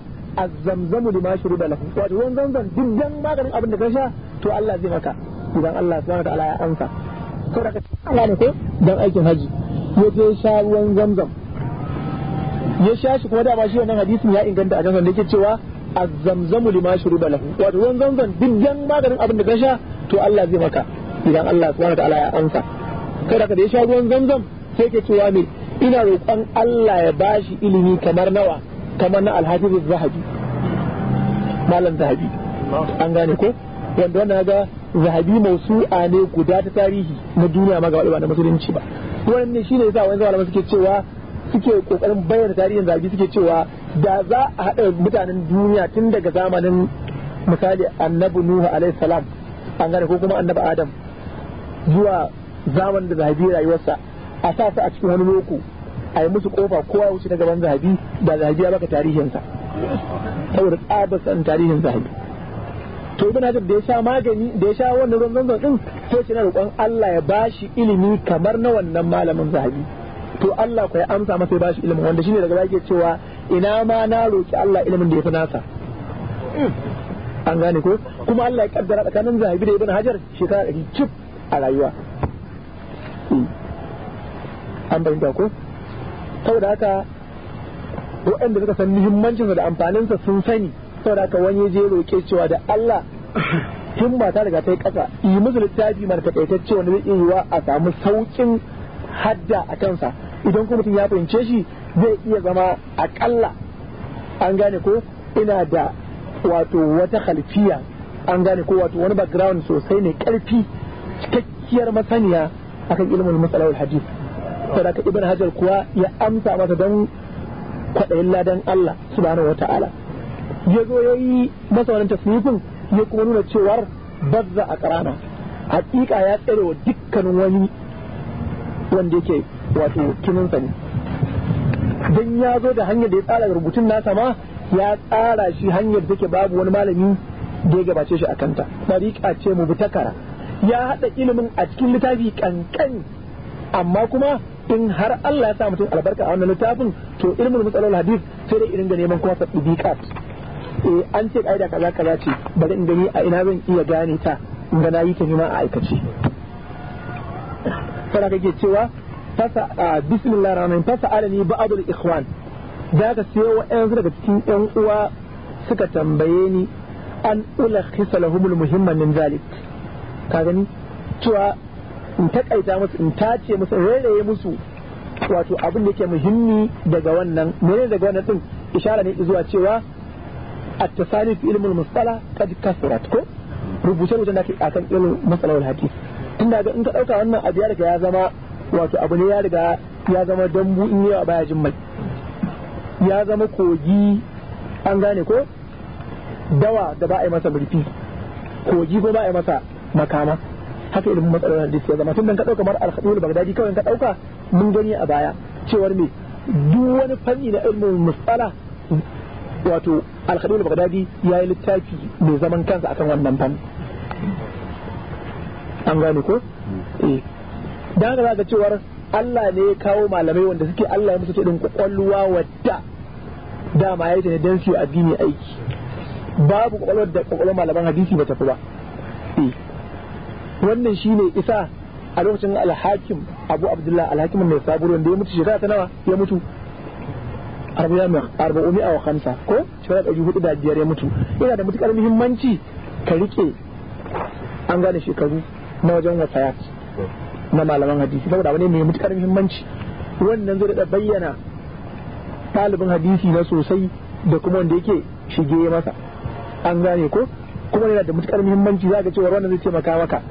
zamzamu lima shuru da lafi wato ruwan zamzam duk dan maganin abin da ka sha to Allah zai maka idan Allah subhanahu wataala ya amsa saboda ka Allah ne ko don aikin haji ya je sha ruwan zamzam ya sha shi kuma dama shi wannan hadisin ya inganta a gangan da ke cewa zamzamu lima shuriba lahu wato ruwan zamzam diddan maganin abin da ka sha to Allah zai maka idan Allah subhanahu ta'ala ya amsa kada ka da ya sha ruwan zamzam sai ke cewa me ina roƙon Allah ya bashi ilimi kamar nawa kamar na alhafiz zahabi malam zahabi an gane ko wanda wannan ga zahabi mausu'a ne guda ta tarihi na duniya ma ba na musulunci ba wannan ne shine yasa wani zama suke cewa suke kokarin bayyana tarihin zahabi suke cewa da za a haɗa mutanen duniya tun daga zamanin misali annabi nuhu alaihi salam an gane ko kuma annabi adam zuwa zaman da zahabi rayuwarsa a sa su a cikin wani loko a yi musu kofa kowa wuce na gaban zahabi da zahabi ya baka tarihinsa saboda tsabar san tarihin zahabi to ibn da ya sha magani da ya sha wannan ruwan zanzan din sai shi na roƙon Allah ya bashi ilimi kamar na wannan malamin zahabi to Allah ku ya amsa masa ya bashi ilimin wanda shine daga baya cewa ina ma na roƙi Allah ilimin da ya fi nasa an gane ko kuma Allah ya kaddara tsakanin zahabi da ibn hajar shekara ɗari cif a rayuwa an bayyana ko saboda haka waɗanda suka san muhimmancinsa da amfaninsa sun sani saboda haka wani je roƙe cewa da Allah himma ta riga ta yi ƙasa yi musu littafi mara takaitacce wanda zai iya yiwa a samu sauƙin hadda a kansa idan kuma mutum ya fahimce shi zai iya zama akalla an gane ko ina da wato wata halifiya an gane ko wato wani background sosai ne karfi cikakkiyar masaniya akan ilimin matsalar hadith sadaka ibn hajar kuwa ya amsa mata don kwaɗayin ladan Allah subhanahu wata'ala ya zo ya yi masa wani tasnifin ya kuma nuna cewar bazza a karana hakika ya tsere wa dukkanin wani wanda yake wato kininsa ne don ya zo da hanyar da ya tsara rubutun nasa ma ya tsara shi hanyar da take babu wani malami da ya gabace shi a kanta tariƙa ce mu takara ya haɗa ilimin a cikin littafi kankan amma kuma in har Allah ya sa mutum albarka a wannan littafin to ilimin matsalar hadith sai dai irin da neman kuma tabiqat eh an ce kaida kaza kaza ce bari in gani a ina zan iya gane ta in ga nayi ta ma a aikace fassara kake cewa fasa bismillahir rahmanir fasa alani ba'dul ikhwan da ka siyo wa'ansu daga cikin yan uwa suka tambaye ni an ulakhisa lahumul muhimman min zalik ka gani cewa in takaita musu in tace musu rairaye musu wato abin da yake muhimmi daga wannan mene daga wannan din ishara ne zuwa cewa at-tasalif ilmul musala kad kasurat ko rubuce rubuce da ake akan ilmul masalahul hadith Tunda ga in ka ɗauka wannan abu ya ya zama wato abu ne ya riga ya zama dambu in yawa baya jin mai ya zama kogi an gane ko dawa da ba a yi masa murfi kogi ko ba a yi masa makama haka ilimin matsalar hadisi ya zama tun da ka ɗauka mar alhadul bagdadi kawai ka ɗauka mun gani a baya cewar me duk wani fanni na ilimin matsala wato alhadul bagdadi ya yi littafi mai zaman kansa akan wannan fanni an gane ko hmm. eh. da haka zaka cewar Allah ne ya kawo malamai wanda suke Allah ya musu ce din kwakwalwa wadda dama ya ne dan su addini aiki babu kwakwalwar da kwakwalwar malaman hadisi ba tafi ba eh. wannan shine isa a lokacin alhakim abu abdullahi alhakim mai sabuwar wanda ya mutu shekara ta nawa ya mutu arba'umi a ko shekara ɗari hudu da biyar ya mutu yana da matukar muhimmanci ka rike an gane shekaru na wajen wasayat na malaman hadisi saboda wani mai mutukar muhimmanci wannan zai da bayyana ɗalibin hadisi na sosai da kuma wanda yake shige masa an gane ko kuma yana da mutukar muhimmanci za ka cewa wannan zai taimaka maka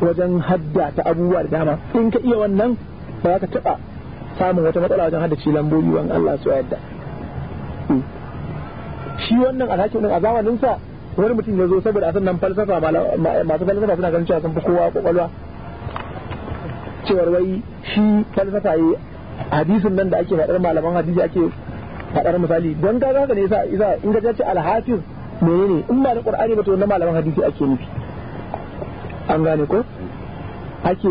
wajen hadda ta abubuwa da dama in ka iya wannan ba za ka taɓa samun wata matsala wajen haddace lambobi wani Allah su yadda hmm. shi wannan alhakin din a zamaninsa wani mutum ya zo saboda a sannan falsafa masu falsafa suna ganin cewa sun fi kowa kwakwalwa cewar wai shi falsafa yi hadisin nan da ake faɗar malaman hadisi ake faɗar misali don ka haka ne isa in ka ce alhafiz menene in ba na qur'ani ba to na malaman hadisi ake nufi an gane ko ake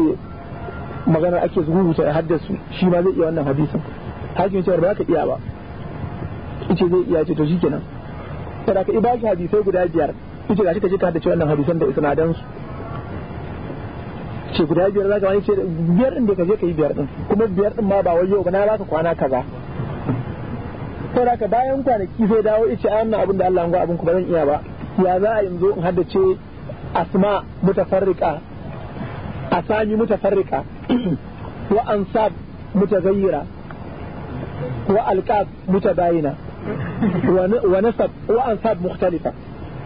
magana ake rubuta ta haddasu shi ma zai iya wannan hadisin hakimin cewar ba ka iya ba ice zai iya ce to shikenan saboda ka ibashi hadisai guda biyar ita gashi kaje ka haddace wannan hadisan da isnadan su ce guda biyar zaka wani ce biyar din da kaje ka yi biyar din kuma biyar din ma ba wai yau ba na baka kwana kaza da ka bayan kwanaki sai dawo yace a wannan abin da Allah ya abin ku ba zan iya ba ya za a yanzu in haddace asma mutafarriqa asami mutafarriqa wa ansab mutagayyira wa alqab mutabayina wa nasab wa ansab mukhtalifa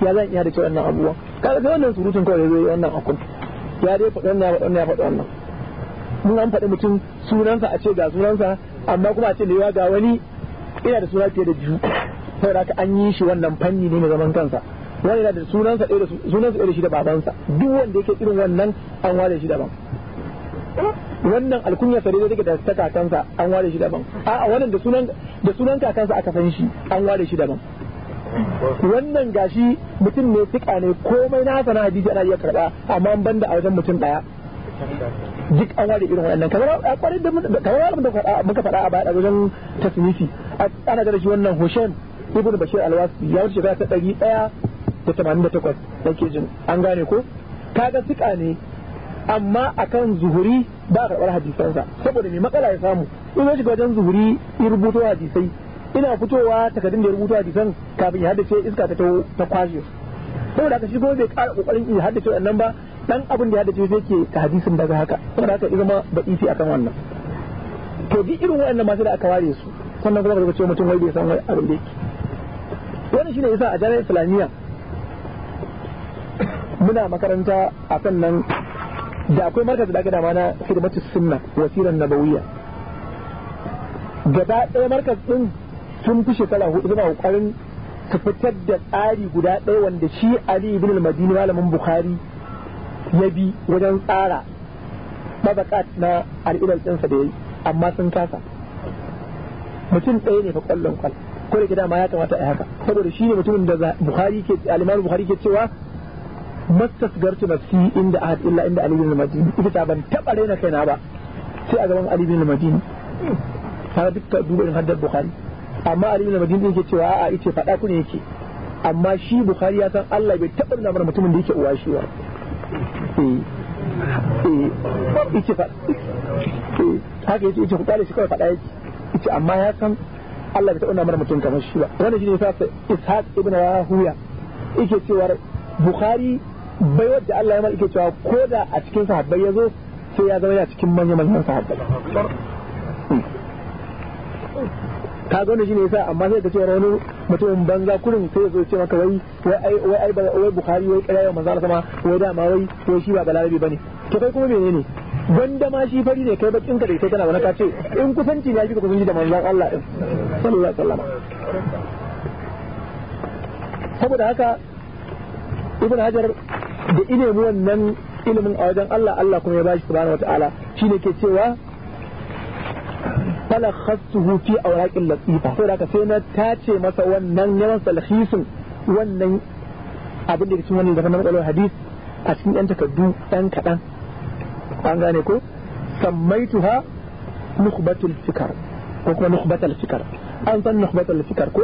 ya zan iya da ce wannan abubuwa kaga ga wannan surutun kawai ya dai faɗi ya faɗi wannan ya faɗi wannan mun an faɗi mutum sunansa a ce ga sunansa amma kuma a ce lewa ga wani ina da suna fiye biyu saboda an yi shi wannan fanni ne mai zaman kansa wani yana da sunansa da sunansa da shi da babansa duk wanda ke irin wannan an ware shi daban wannan alkunya sare da take da ta kakansa an ware shi daban a'a wannan da sunan da sunan kakansa aka san shi an ware shi daban wannan gashi mutum ne fika ne komai na na hadisi ana iya karba amma ban da a wajen mutum daya duk an ware irin waɗannan kamar a kwarin da muka faɗa a baya a wajen tasmisi ana gada shi wannan hushen ibn bashir alwasi ya wuce shekara ta ɗari ɗaya da tamanin da takwas ke jin an gane ko kaga fika ne amma akan zuhuri ba a karɓar hadisansa saboda mai matsala ya samu in zai shiga wajen zuhuri ya rubuto hadisai ina fitowa takardun da ya rubuto hadisan kafin ya haddace iska ta ta kwashe saboda haka shigo bai ƙara ƙoƙarin ya haddace wannan ba dan abin da ya haddace zai ke ta hadisin daga haka saboda haka ya zama baƙi akan wannan to duk irin waɗannan masu da aka ware su sannan kuma ka ce mutum wai bai san abin da yake wannan shine yasa a jami'ar islamiyya muna makaranta a kan nan da akwai markaz da gada mana khidmatu sunna wasiran nabawiyya gaba ɗaya markaz ɗin sun fi shekara hudu suna kokarin su fitar da tsari guda ɗaya wanda shi Ali ibn al-Madini malamin Bukhari ya bi wajen tsara mabakat na al'ilal ɗinsa da ya yi amma sun kasa mutum ɗaya ne fa kwallon kwal ko da ma ya kamata a haka saboda shi ne mutumin da Bukhari ke Bukhari ke cewa mastasgartu nafsi inda ahad illa inda ali bin madini ita ban taba raina kaina ba sai a gaban ali bin madini har duka duba in haddar bukhari amma ali bin madini yake cewa a'a yace fada ku ne yake amma shi bukhari ya san Allah bai taba nuna mana mutumin da yake uwa shi ba yace eh, eh, fa eh, haka yace yace ku kale shi kawai fada yake yace amma ya san Allah bai taba nuna mana mutum kamar shi ba wannan shine yasa Ishaq ibn Rahuya yake cewa Bukhari bai wadda Allah ya malike cewa ko da a cikin sahabbai ya zo sai ya zama yana cikin manyan manyan sahabbai ka ga shi ne yasa amma sai ka ce wani mutumin banza kurin sai ya zo ce maka wai wai wai wai bukhari wai kaya manzo Allah sama wai da ma wai wai shi ba balarabi ne to kai kuma menene wanda ma shi fari ne kai bakin ka da ita kana wani ka ce in kusanci ne ya fi kusanci da manzan Allah din sallallahu alaihi saboda haka ibn hajar da ilimi wannan ilimin a wajen Allah Allah kuma ya bashi subhanahu wataala ne ke cewa fala khassuhu fi awraqil latifa to da sai na tace masa wannan yawan salhisin wannan abin da cikin wannan daga nan kwalwar hadith a cikin yan takardu dan. kaɗan an gane ko sammaituha nukhbatul fikar ko kuma nukhbatul fikar an san nukhbatul fikar ko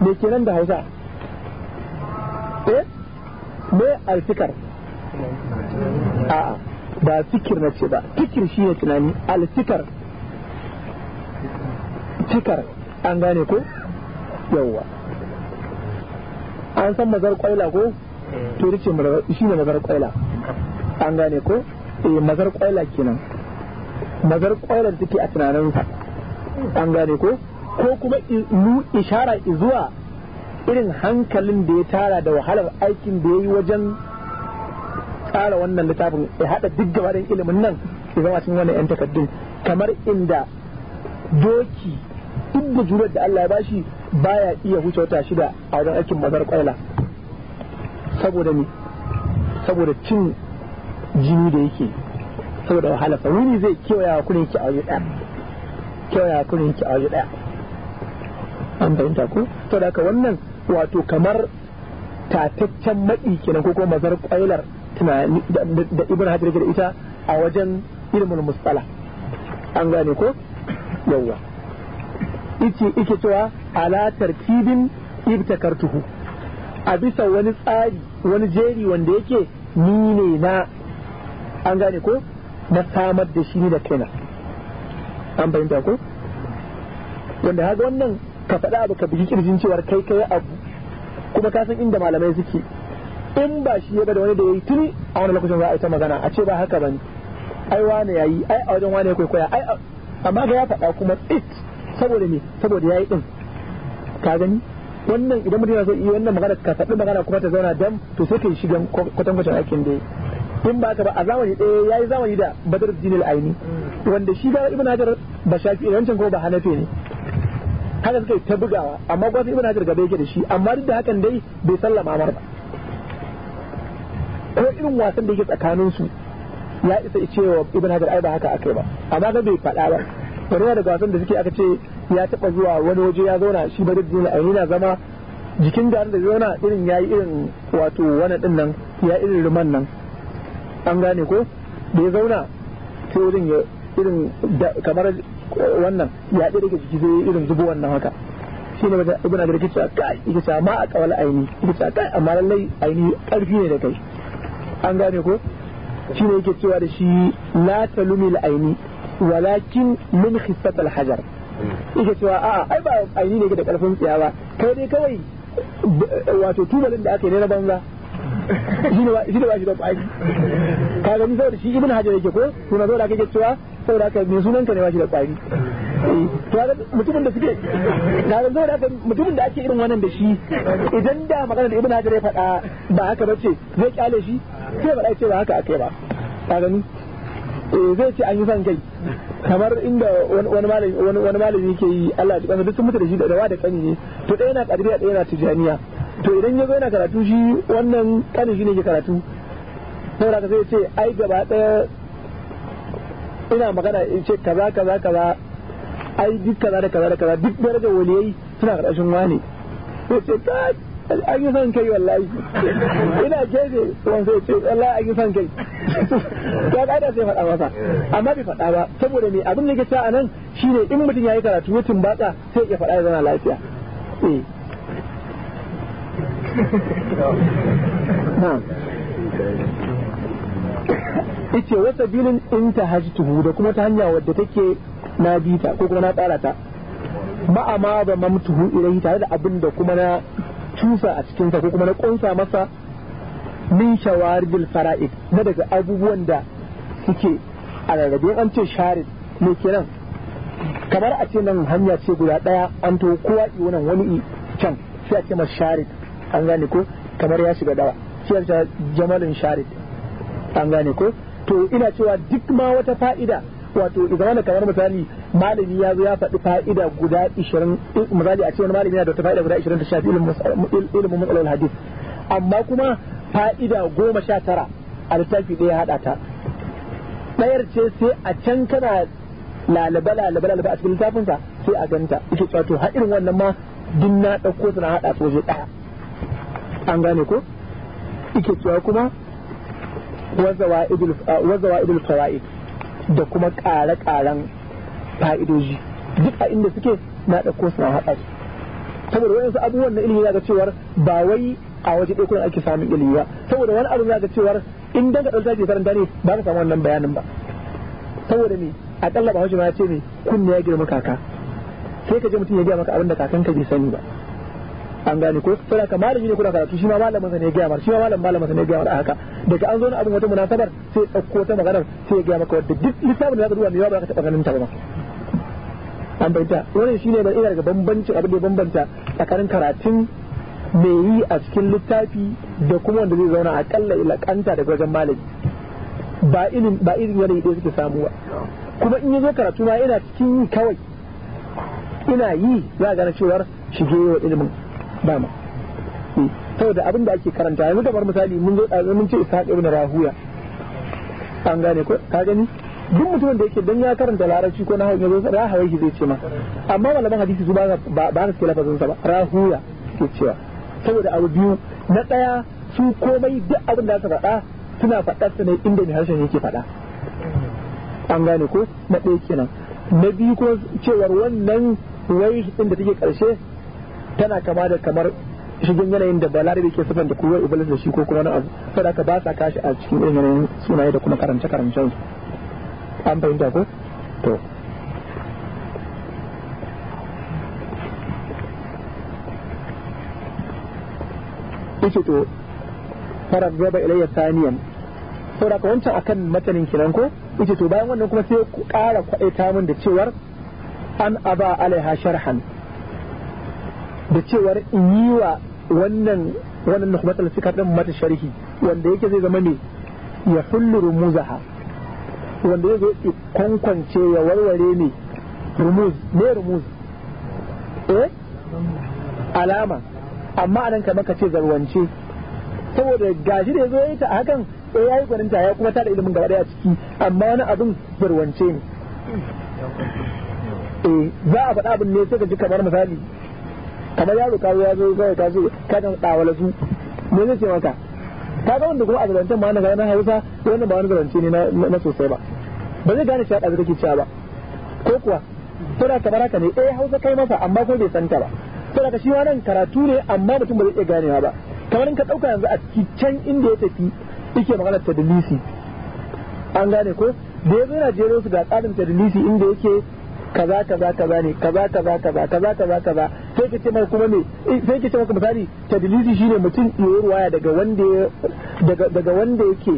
me kenan da Hausa eh Ne alfikar a ba fikir na ce ba fikir shi ne tunani alfikar fikar an gane ko yawwa an san mazar kwaila ko to ce shi ne mazar kwaila an gane ko eh mazar kwaila kenan mazar kwailar take a tunaninsa an gane ko ko kuma nu ishara zuwa irin hankalin da ya tara da wahalar aikin da ya yi wajen tsara wannan littafin ya haɗa duk gabarin ilimin nan ya zama cikin wannan 'yan takardun kamar inda doki duk da jurar da Allah ya bashi baya iya huce wata shida a wajen aikin mazar kwaila saboda ne saboda cin jini da yake saboda wahala wuni zai kewaya kunin ki a waje ɗaya kewaya kunin ki a waje ɗaya an bayanta ko to da aka wannan wato kamar tataccen maɗi kenan ko kuma mazar ƙwailar tunani da ibn hajar da ita a wajen ilmul mustala an gane ko yawwa ike ike cewa ala tartibin ibtakartuhu a bisa wani tsari wani jeri wanda yake ni ne na an gane ko na samar da shi ne da kaina an bayyanta ko wanda haka wannan ka faɗa abu ka bugi kirjin cewar kai kai abu kuma ka san inda malamai suke in ba shi ya da wani da yayi tuni a wani lokacin za a yi ta magana a ce ba haka bane ai wane yayi ai a wajen wane ya kwaikwaya ai amma ga ya faɗa kuma it saboda me saboda yayi din ka gani wannan idan mutum ya so yi wannan magana ka faɗi magana kuma ta zauna dam to sai ka yi shigan kwatankwacin aikin da ya in ba ka ba a zamani ɗaya ya yi zamani da badar jini aini mm. wanda shi ba ibn hajar ba shafi wancan kuma ba hanafi ne haka suka ta bugawa amma gwata ibn hajar gaba yake da shi amma duk da hakan dai bai sallama mar ba ko irin wasan da yake tsakanin su ya isa cewa ibn hajar ai ba haka akai ba amma ga bai faɗa ba bari daga wasan da suke aka ce ya taɓa zuwa wani waje ya zauna shi ba duk a yana zama jikin garin da zauna irin ya yi irin wato wani ɗin nan ya irin ruman nan an gane ko da ya zauna sai ya irin kamar wannan ya ɗaya daga jiki zai irin zubo wannan haka shi ne wajen ibn agar kisa kai kisa ma a kawal aini kisa kai amma lallai aini ƙarfi ne da kai an gane ko shi ne yake cewa da shi la talumi aini walakin min khisat al hajar yake cewa a'a ai ba aini ne da ƙarfin tsiya ba kai ne kawai wato tubalin da aka yi na banza shi ne ba shi da ƙwari kaga ni saboda shi ibn hajar yake ko kuma saboda kake cewa da aka yi sunan ka ne bashi da kwari to mutumin da suke ga ran saboda haka mutumin da ake irin wannan da shi idan da magana da ibnu hajar faɗa ba haka bace zai kyale shi sai faɗa ce ba haka akai ba ka gani eh, zai ce an yi son kai kamar inda wani malami ke yi Allah ya kansa duk sun mutu da shi da rawa da kani ne to ɗaya na kadiriya ɗaya na Tijjaniya. to idan ya zo yana karatu shi wannan kanin shi ne ke karatu saboda ka sai ce ai gaba ɗaya ina magana in ce kaza kaza kaza ai duk kaza da kaza da kaza duk daraja waliyai suna karshen wani to ce kai an yi son kai wallahi ina gefe wani sai ce wallahi an yi son kai ya kaida sai faɗa masa amma bai faɗa ba saboda me abin da ke ta anan shine in mutum ya yi karatu ba ka sai ya faɗa ya zana lafiya eh yace bilin bilin in tuhu da kuma ta hanya wadda take na bita ko kuma na tsara ta ma'a ma ba mamtuhu tare da abin da kuma na cusa a cikin sa ko kuma na kunsa masa min bil fara'id na daga abubuwan da suke a rarrabe an ce sharid ne kenan kamar a ce nan hanya ce guda daya an to kowa iya wannan wani can sai a ce masa sharid an gane ko kamar ya shiga dawa sai a jamalin sharid an gane ko to ina cewa duk ma wata fa'ida wato idan kamar misali malami ya zo ya faɗi fa'ida guda 20 misali a ce wani malami yana da fa'ida guda 20 da shafi ilimin matsalar hadith amma kuma fa'ida goma sha tara a littafi ɗaya haɗa ta ɗayar ce sai a can kana lalaba lalaba lalaba a cikin littafinsa sai a ganta ita cewa to har irin wannan ma duk na ɗauko su haɗa su waje ɗaya an gane ko ike cewa kuma wazawa idul fara'id da kuma ƙare-ƙaren fa'idoji duk a inda suke na ɗauko suna haɗa su saboda wani abubuwan na ilimi ya ga cewar ba wai a waje ɗaya ake samun ilimi ba saboda wani abu ya ga cewar in daga ka ɗauka ke karanta ne ba ka samu wannan bayanin ba saboda a ƙalla ba haushi ya ce me kunne ya girma kaka sai ka je mutum ya gaya maka abin da kakanka bai sani ba an gane ko sai ka malami ne kuna karatu shi ma malamin sa ne ya gaya shi ma malamin malamin sa ne ya gaya mar haka daga an zo na abin wata munasabar sai ɗauko ta maganar sai ya gaya maka wadda duk lissafin da zaka duba ne ya ba ka taɓa ganin ta ba an bayyana wannan shine ba ina daga bambancin abin da bambanta tsakanin karatun mai yi a cikin littafi da kuma wanda zai zauna a akalla ilakanta daga wajen malami ba ilimin ba ilimin yanayi da suke samuwa kuma in yazo karatu ma ina cikin yi kawai ina yi ya ga na cewar shige wa ilimin dama hmm. saboda abin da ake karanta yanzu kamar misali mun zo ɗazu mun ce ishaq ibn rahuya an gane ko ka gani duk mutumin da yake dan ya karanta larabci ko na hawa yazo rahawai shi zai ce ma amma malaman hadisi su ba ba su lafazin sa ba rahuya ke cewa saboda abu biyu na ɗaya su komai duk abin da suka faɗa suna faɗa su ne inda mai harshen yake faɗa an gane ko na ɗaya kenan na biyu kuma cewar wannan wai inda take ƙarshe tana kama da kamar shigin yanayin da da ke sufan da kuwa iblis da shi ko kuma na abu saboda ka ba sa kashi a cikin irin yanayin sunaye da kuma karance karancen su an fahimta ko to yake to farar gaba ilayya saniyan saboda ka wancan akan matanin kinan ko yake to bayan wannan kuma sai ku ƙara kwaɗaita min da cewar an aba alaiha sharhan da cewar in yi wa wannan wannan nukhbatul fikar mata sharhi wanda yake zai zama ne ya hullu rumuzaha wanda yake kwankwance ya warware ne rumuz ne rumuz eh alama amma anan kamar ka ce zarwance saboda gashi da yazo yayi ta hakan eh yayi gwaninta ya kuma tada ilimin gaba daya ciki amma wani abin zarwance ne eh za a faɗa abin ne sai ka ji kamar misali kamar yaro ka ya zo kai ka ce ka dan tsawala su me zai ce maka ka ga wanda kuma a zarantar ma na ga na Hausa wannan ba wani zarance ne na sosai ba ba zai gane cewa da kake cewa ba ko kuwa to da kamar haka ne eh Hausa kai masa amma ko bai san ta ba to da shi nan karatu ne amma mutum ba zai iya ganewa ba kamar in ka dauka yanzu a cikin inda ya tafi yake magana ta tadlisi an gane ko da ya yana jero su ga tsarin tadlisi inda yake kaza kaza kaza ne kaza kaza kaza kaza kaza kaza sai ka ce mai kuma ne eh, sai ka ce maka misali tadlisi shine mutum ya ruwaya daga wanda daga daga wanda yake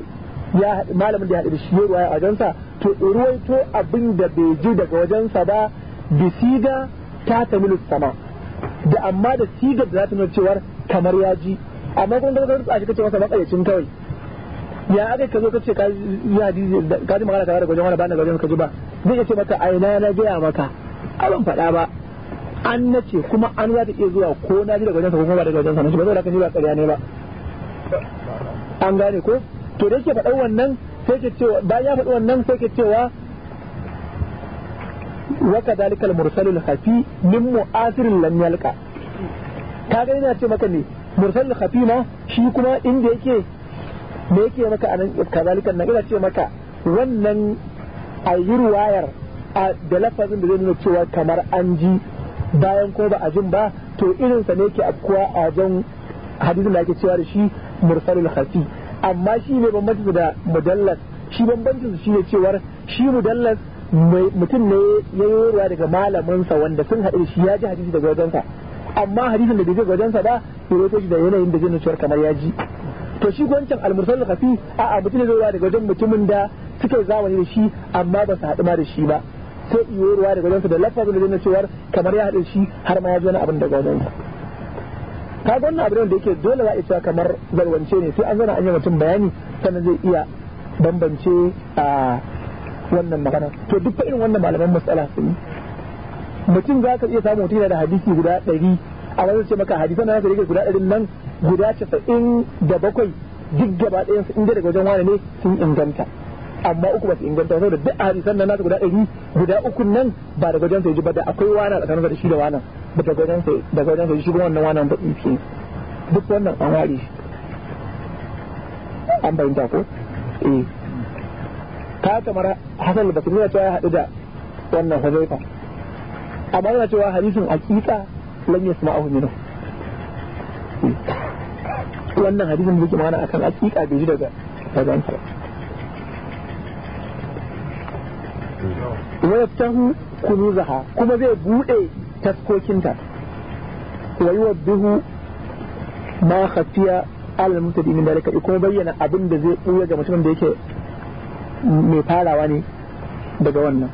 ya malamin da ya haɗu da shi ya ruwaya a wajensa to ruwaito abin da bai ji daga wajensa ba bisiga ta ta milu sama da amma da sigar da za ta nuna cewar kamar ya ji amma kuma daga zarutsa shi kace masa matsayacin kawai ya aka ka zo ka ce ka ji hadisi ka ji magana tare da gwajen wani ba na gwajen ka ji ba zai ce maka aina na gaya maka abin faɗa ba an nace kuma an za ta iya zuwa ko na ji daga wajensa ko kuma ba daga wajensa na shi ba zai da ni ba ƙarya ne ba an gane ko to da yake faɗa wannan sai ke cewa bayan ya faɗa wannan sai ke cewa waka dalikal mursalul khafi min mu'asirin lam yalqa ka ga yana ce maka ne mursalul khafi ma shi kuma inda yake me yake maka anan kazalikan nan ina ce maka wannan wayar a da lafazin da zai nuna cewa kamar an ji bayan ko ba a jin ba to irinsa ne ke afkuwa a wajen hadisin da ake cewa da shi mursalul khafi amma shi ne bambanci da mudallas shi bambancin shi ne cewar shi mudallas mutum ne ya yi ruwa daga malamansa wanda sun haɗu shi ya ji hadisi daga wajensa amma hadisin da bai daga wajensa ba ya roto shi da yanayin da jin cewar kamar ya ji to shi gwancin almursalul khafi a'a mutum ne zai ruwa daga wajen mutumin da suka zamani da shi amma ba su haɗu ma da shi ba sai iyo ruwa daga su da lafazin da zai cewar kamar ya haɗe shi har ma ya zo na abin daga wajensa ka ga abin da yake dole za a cewa kamar zarwance ne sai an zana an yi mutum bayani sannan zai iya bambance a wannan magana to duk irin wannan malaman matsala yi mutum za ka iya samu mutum yana da hadisi guda ɗari a wani ce maka hadisan da za guda ɗari nan guda casa'in da bakwai duk gaba su inda daga wajen wane ne sun inganta amma uku ba su inganta saboda duk a hadisan nan nasu guda ɗari guda uku nan ba da gwajen sai ji ba da akwai wani tsakanin da shi da wani ba da gwajen sai da wajen sai shi kuma wannan wani ba ifi duk wannan an ware shi an bayyana ko eh ka kamar hasan da su cewa ya haɗu da wannan hazaifa amma yana cewa hadisin aqiqa lam yasma'ahu minhu eh. wannan hadisin da yake kan akan aqiqa bai ji daga daga wa yaftahu kunuzaha kuma zai bude taskokinta wa yuwaddihu ma khafiya al mutadi min dalika kuma bayyana abin da zai buya ga mutumin da yake mai farawa ne daga wannan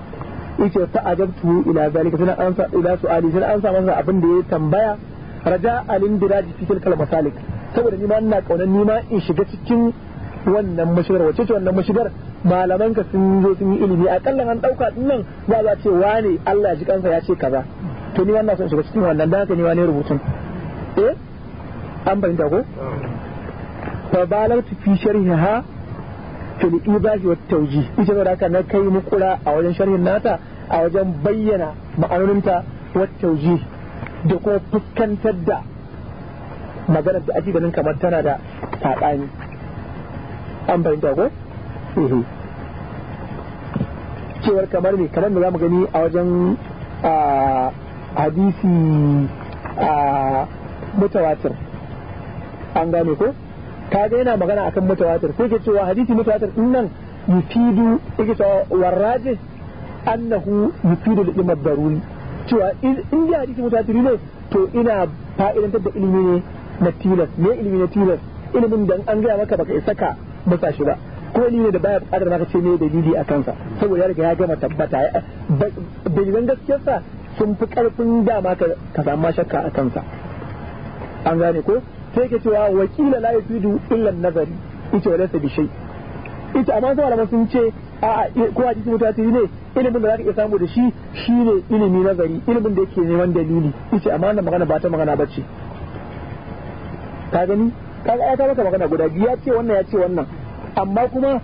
yace ta ajabtu ila dalika sai ansa ila su'ali sai ansa masa abin da ya tambaya raja alin diraji cikin kalmar masalik saboda ni ma ina kaunan ni ma in shiga cikin wannan mashigar wacce ce wannan mashigar malaman ka sun zo sun yi ilimi a kallon an dauka nan ba za ce wane Allah ji kansa ya ce kaza to ni wannan son shiga cikin wannan dan ka ni wane rubutun eh an bayyana ko fa balagtu fi ha sharhiha fil ibahi wata tawjih ita da haka na kai kula a wajen sharhin nata a wajen bayyana ma'anoninta wata tawjih da kuma fuskantar da maganar da ake ganin kamar tana da sabani an bayyana ko cewar kamar ne kamar da za mu gani a wajen hadisi a mutawatir an gane ko kaga yana magana akan mutawatir sai ke cewa hadisi mutawatir din nan yufidu yake cewa warraje annahu yufidu da imar daruri cewa in da hadisi mutawatir ne to ina fa'idantar da ilimi ne na tilas ne ilimi na tilas ilimin da an gaya maka baka isa ka ba shi ba ko ne da baya bukatar maka ce me dalili a kansa saboda ya riga ya gama tabbata dalilan sa sun fi karfin dama ka samu shakka a kansa an gane ko sai ke cewa wakila la yufidu illa nazari ita walaysa bi shay ita amma sai malaman sun ce a eh, ko cikin mutati ne ilimin da zaka iya samu da shi shine ilimi nazari ilimin da yake neman dalili ita amma wannan magana ba ta magana bace ka gani ga ya ta maka magana guda biyu ya ce wannan ya ce wannan amma kuma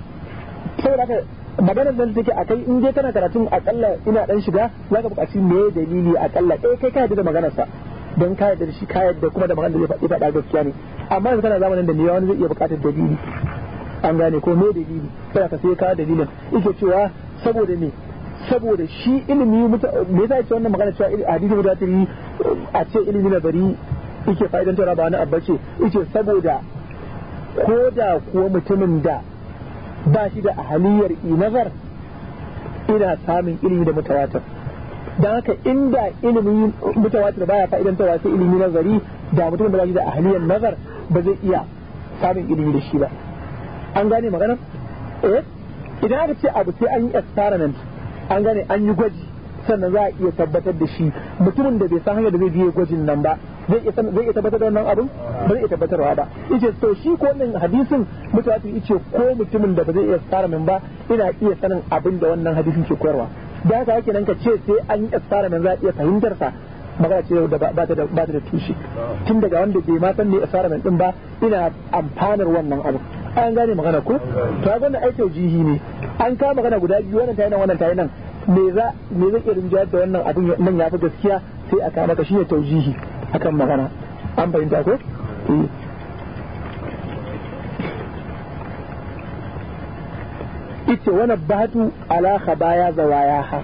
sai da magana nan take kai in dai kana karatun akalla ina dan shiga za ka buƙaci me dalili akalla eh kai ka yadda da maganarsa don ka yadda da shi ka yadda kuma da maganar da zai faɗa gaskiya ne amma yanzu kana zamanin da ne wani zai iya buƙatar dalili an gane ko me dalili sai ka sai ka dalilin yake cewa saboda me saboda shi ilimi me yasa ce wannan magana cewa hadisi mutatiri a ce ilimi na bari yake fa'idantar ba na abba ce yake saboda ko da kuwa mutumin da ba shi da ahaliyar inazar ina samun ilimi da mutawatar don haka inda mutawatar ba baya fa'idanta wasu ilimi nazari da mutumin da ba shi da ahaliyar nazar ba zai iya samun ilimi da shi ba an gane magana eh idan aka ce abu sai an yi experiment an gane an yi gwaji sannan za a iya tabbatar da shi mutumin da bai san hanyar da zai biye gwajin nan ba zai iya zai tabbatar da wannan abin ba zai iya tabbatarwa ba yace to shi ko min hadisin mutawatir yace ko mutumin da ba zai iya tsara min ba ina iya sanin abin da wannan hadisin ke koyarwa da haka yake nan ka ce sai an yi tsara min za a iya fahimtar sa magana ce da ba ta da ba ta da tushe tun daga wanda bai ma san me tsara min din ba ina amfanar wannan abu an gane magana ko to ga wannan aikin jihi ne an ka magana guda biyu wannan tayi nan wannan tayi nan me za me zai irin jihar da wannan abin nan ya fi gaskiya sai a kama ka ne taujihi akan magana an fahimta ko eh. ita wani batu alaka baya zawaya ha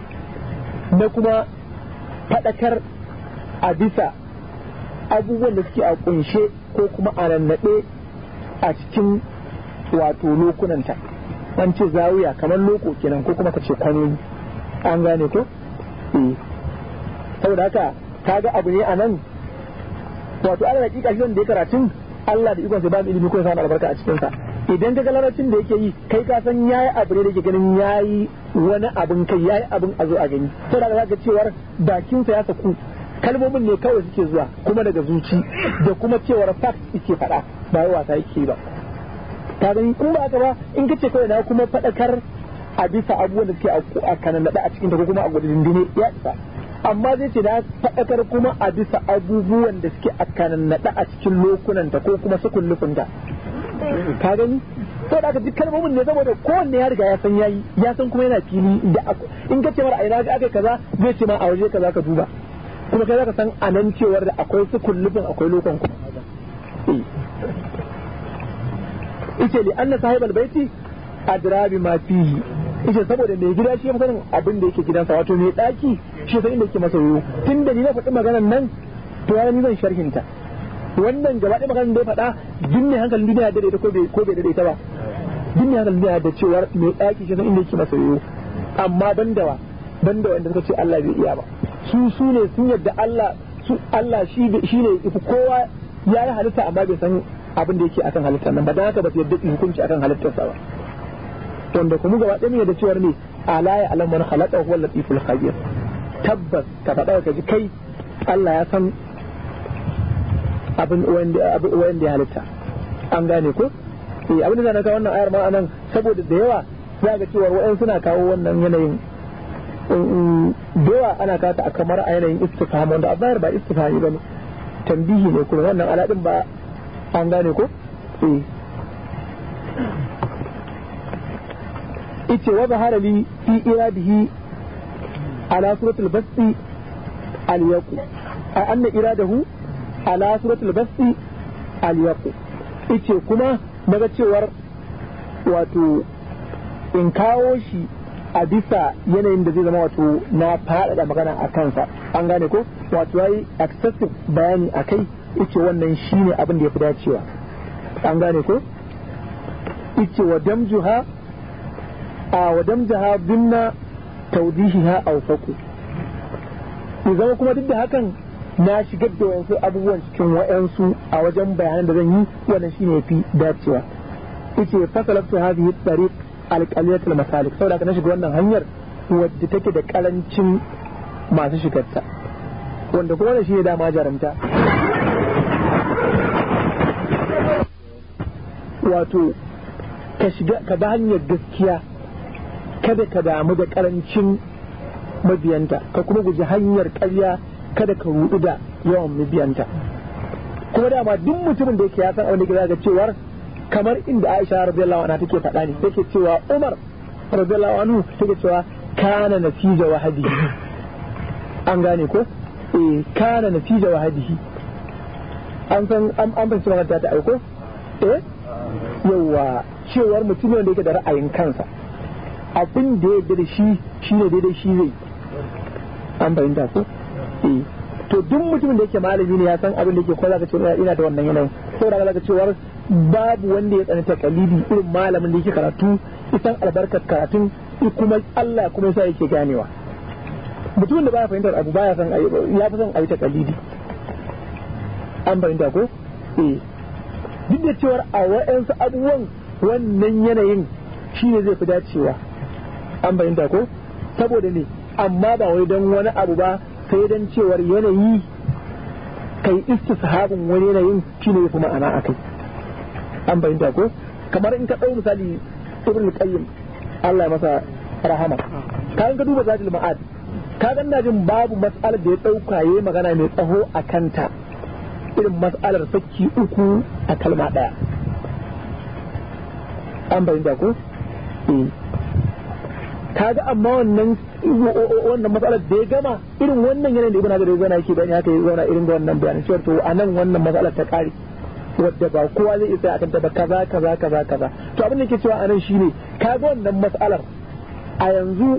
na kuma faɗakar a bisa abubuwan da suke a kunshe ko kuma a nannaɗe a cikin wato lokunanta an ce zawiya kamar loko kenan ko kuma ka ce kwanoni an gane ko? eh saboda haka ga abu ne a nan wato ana hakika shi wanda ya karatun Allah da ikonsa ba mu ilimi ko samu albarka a cikin sa idan ka ga larabcin da yake yi kai ka san yayi abu ne da yake ganin yayi wani abin kai yayi abin a zo a gani to da zaka cewar bakin sa ya saku kalmomin ne kawai suke zuwa kuma daga zuci da kuma cewar fact yake faɗa ba yawa wasa yake ba ta gani in ba ka ba in kace kawai na kuma faɗakar a bisa abubuwan da suke a kanan a cikin ta ko kuma a gudun dindine ya isa amma zai ce na faɗakar kuma a bisa abubuwan da suke a naɗa a cikin lokunanta ko kuma sukun nufinta ka gani sai da aka ji kalmomin ne saboda kowanne ya riga ya san yayi ya san kuma yana fili da in ka ce mara a ina ga aka kaza zai ce ma a waje kaza ka duba kuma kai zaka san anan cewar da akwai sukun nufin akwai lokon kuma ita eh. li anna sahibal baiti adra bi ma fihi yace saboda mai gida shi ya sanin abin da yake gidansa wato mai daki shi san inda yake masa yoyo tunda ni na faɗi maganar nan to ya ni zan sharhinta wannan gaba ɗaya maganar da ya faɗa duk mai hankalin duniya da daidaita ko bai ko bai daidaita ba duk mai hankalin duniya da cewa mai daki shi san inda yake masa yoyo amma bandawa banda inda suka ce Allah bai iya ba su su ne sun yadda Allah su Allah shi ne kowa ya yi halitta amma bai san abin da yake akan halittar nan ba da haka ba su yadda hukunci akan halittarsa ba wanda kuma gaba ɗaya ne da cewar ne a laye alam na halaka huwa latiful khabir tabbas ka faɗa ka ji kai Allah ya san abin da ya halitta an gane ko eh abin da na kawo wannan ayar ma anan saboda da yawa za ga cewa wa'en suna kawo wannan yanayin mm, mm, dawa ana kata a kamar a yanayin istifham wanda a bayar ba ba ne tambihi ne kuma wannan aladin ba an gane ko eh ita wa zahara li fi iradihi ala suratul basti al yaqu a anna iradahu ala suratul basti al yaqu ita kuma daga cewar wato in kawo shi a bisa yanayin da zai zama wato na faɗaɗa magana a kansa an gane ko wato yayi excessive bayani a kai wannan shine abin da ya fi dacewa an gane ko ita wa damjuha a jaha binna tawdihiha ku zama kuma duk da hakan na shigar da wayansu abubuwan cikin wayansu a wajen bayanan da zan yi wannan ne fi dacewa yace fasalatu hadhihi tariq alqaliyat almasalik saboda na shiga wannan hanyar wadda take da karancin masu shigarta wanda kuma da shi ne dama jarumta wato ka shiga ka ba hanyar gaskiya kada ka damu da karancin mabiyanta ka kuma guji hanyar karya kada ka rudu da yawan mabiyanta kuma dama duk mutumin da yake ya san abin da ga cewar kamar inda Aisha radiyallahu anha take faɗa ne take cewa Umar radiyallahu anhu take cewa kana natija wahadi an gane ko eh kana natija wahadi an san an an fahimci magana ta aiko eh yawa cewar mutumin da yake da ra'ayin kansa abin da ya da shi shi ne daidai shi zai an fahimta ko eh to duk mutumin da yake malami ne ya san abin da yake ko ga ce ina da wannan yanayin da ga cewar babu wanda ya tsananta kalibi irin malamin da yake karatu isan albarkar karatun kuma Allah kuma yasa yake ganewa mutumin da baya fahimtar abu baya san ya fi son a yi ta kalibi an fahimta ko eh duk da cewar a wa'ansu abubuwan wannan yanayin shi ne zai fi dacewa an bayyanta ko saboda ne amma ba wai don wani abu ba sai don cewar yanayi kai istishabin wani yanayin shi ne kuma ana a kai an bayyanta ko kamar in ka ɗau misali ibn qayyim Allah masa rahama kayan ka duba zadil ma'ad ka ga na jin babu matsalar da ya ɗauka yi magana mai tsaho a kanta irin mas'alar saki uku a kalma ɗaya an bayyanta ko eh. ga amma wannan wannan matsalar da ya gama irin wannan yanayin da ibn hajar ya zauna yake bayani haka ya zauna irin da wannan bayanin cewa to anan wannan matsalar ta kare wadda ba kowa zai isa a ta ba kaza kaza kaza kaza to abin da yake cewa anan shine ga wannan matsalar a yanzu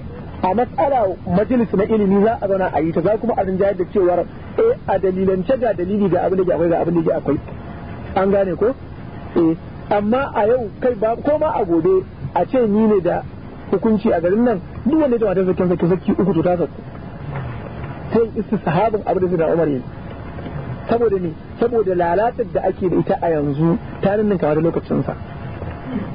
a matsala majalis na ilimi za a zauna a yi ta za kuma a rinjayar da cewar eh a dalilance ga dalili ga abin da ke akwai ga abin da ke akwai an gane ko eh amma a yau kai ba ko ma a gobe a ce ni ne da hukunci a garin nan duk wanda ya matar zakin zaki zaki uku to ta sakku sai sahabin abu da zina umar yi saboda ne saboda lalatar da ake da ita a yanzu ta nan kamar lokacinsa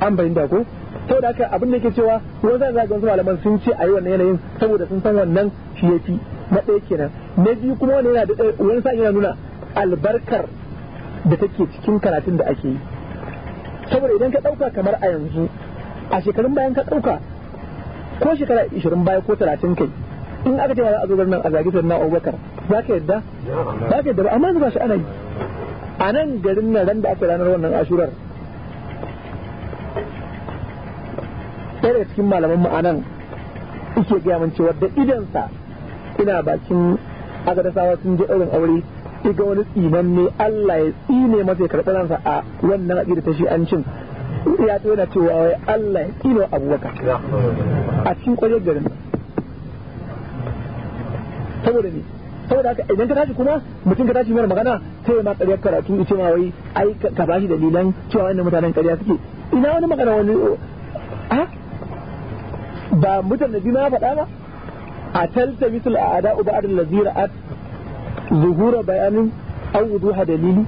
an da ko sau da haka abin da ke cewa wanda za ga wasu malaman sun ce a yi wannan yanayin saboda sun san wannan shi ya fi na ɗaya kenan na biyu kuma wani yana da wani sa yana nuna albarkar da take cikin karatun da ake yi saboda idan ka ɗauka kamar a yanzu a shekarun bayan ka ɗauka ko shekara 20 baya ko talatin kai in aka ce za a nan a zagi sannan abubakar za ka yadda za ka yadda ba amma zuba shi ana yi a nan garin nan ran da aka ranar wannan ashurar ɗaya daga cikin malaman mu a nan ike gaya min cewa da idansa ina bakin agadasawa sun je irin aure iga wani tsinan ne Allah ya tsine masa ya karɓi ransa a wannan da ta shi'ancin ya yana cewa wai Allah ya kino abubakar a cikin kwajar garin saboda ne saboda haka idan ka tashi kuma mutum ka tashi mara magana sai ya ma ƙaryar karatu ita ma wai ai ka bashi dalilan cewa wannan mutanen ƙarya suke ina wani magana wani a ah? ba mutan da ya faɗa ba a talta misul a ada uba adin lazira at zuhura bayanin au wuduha dalili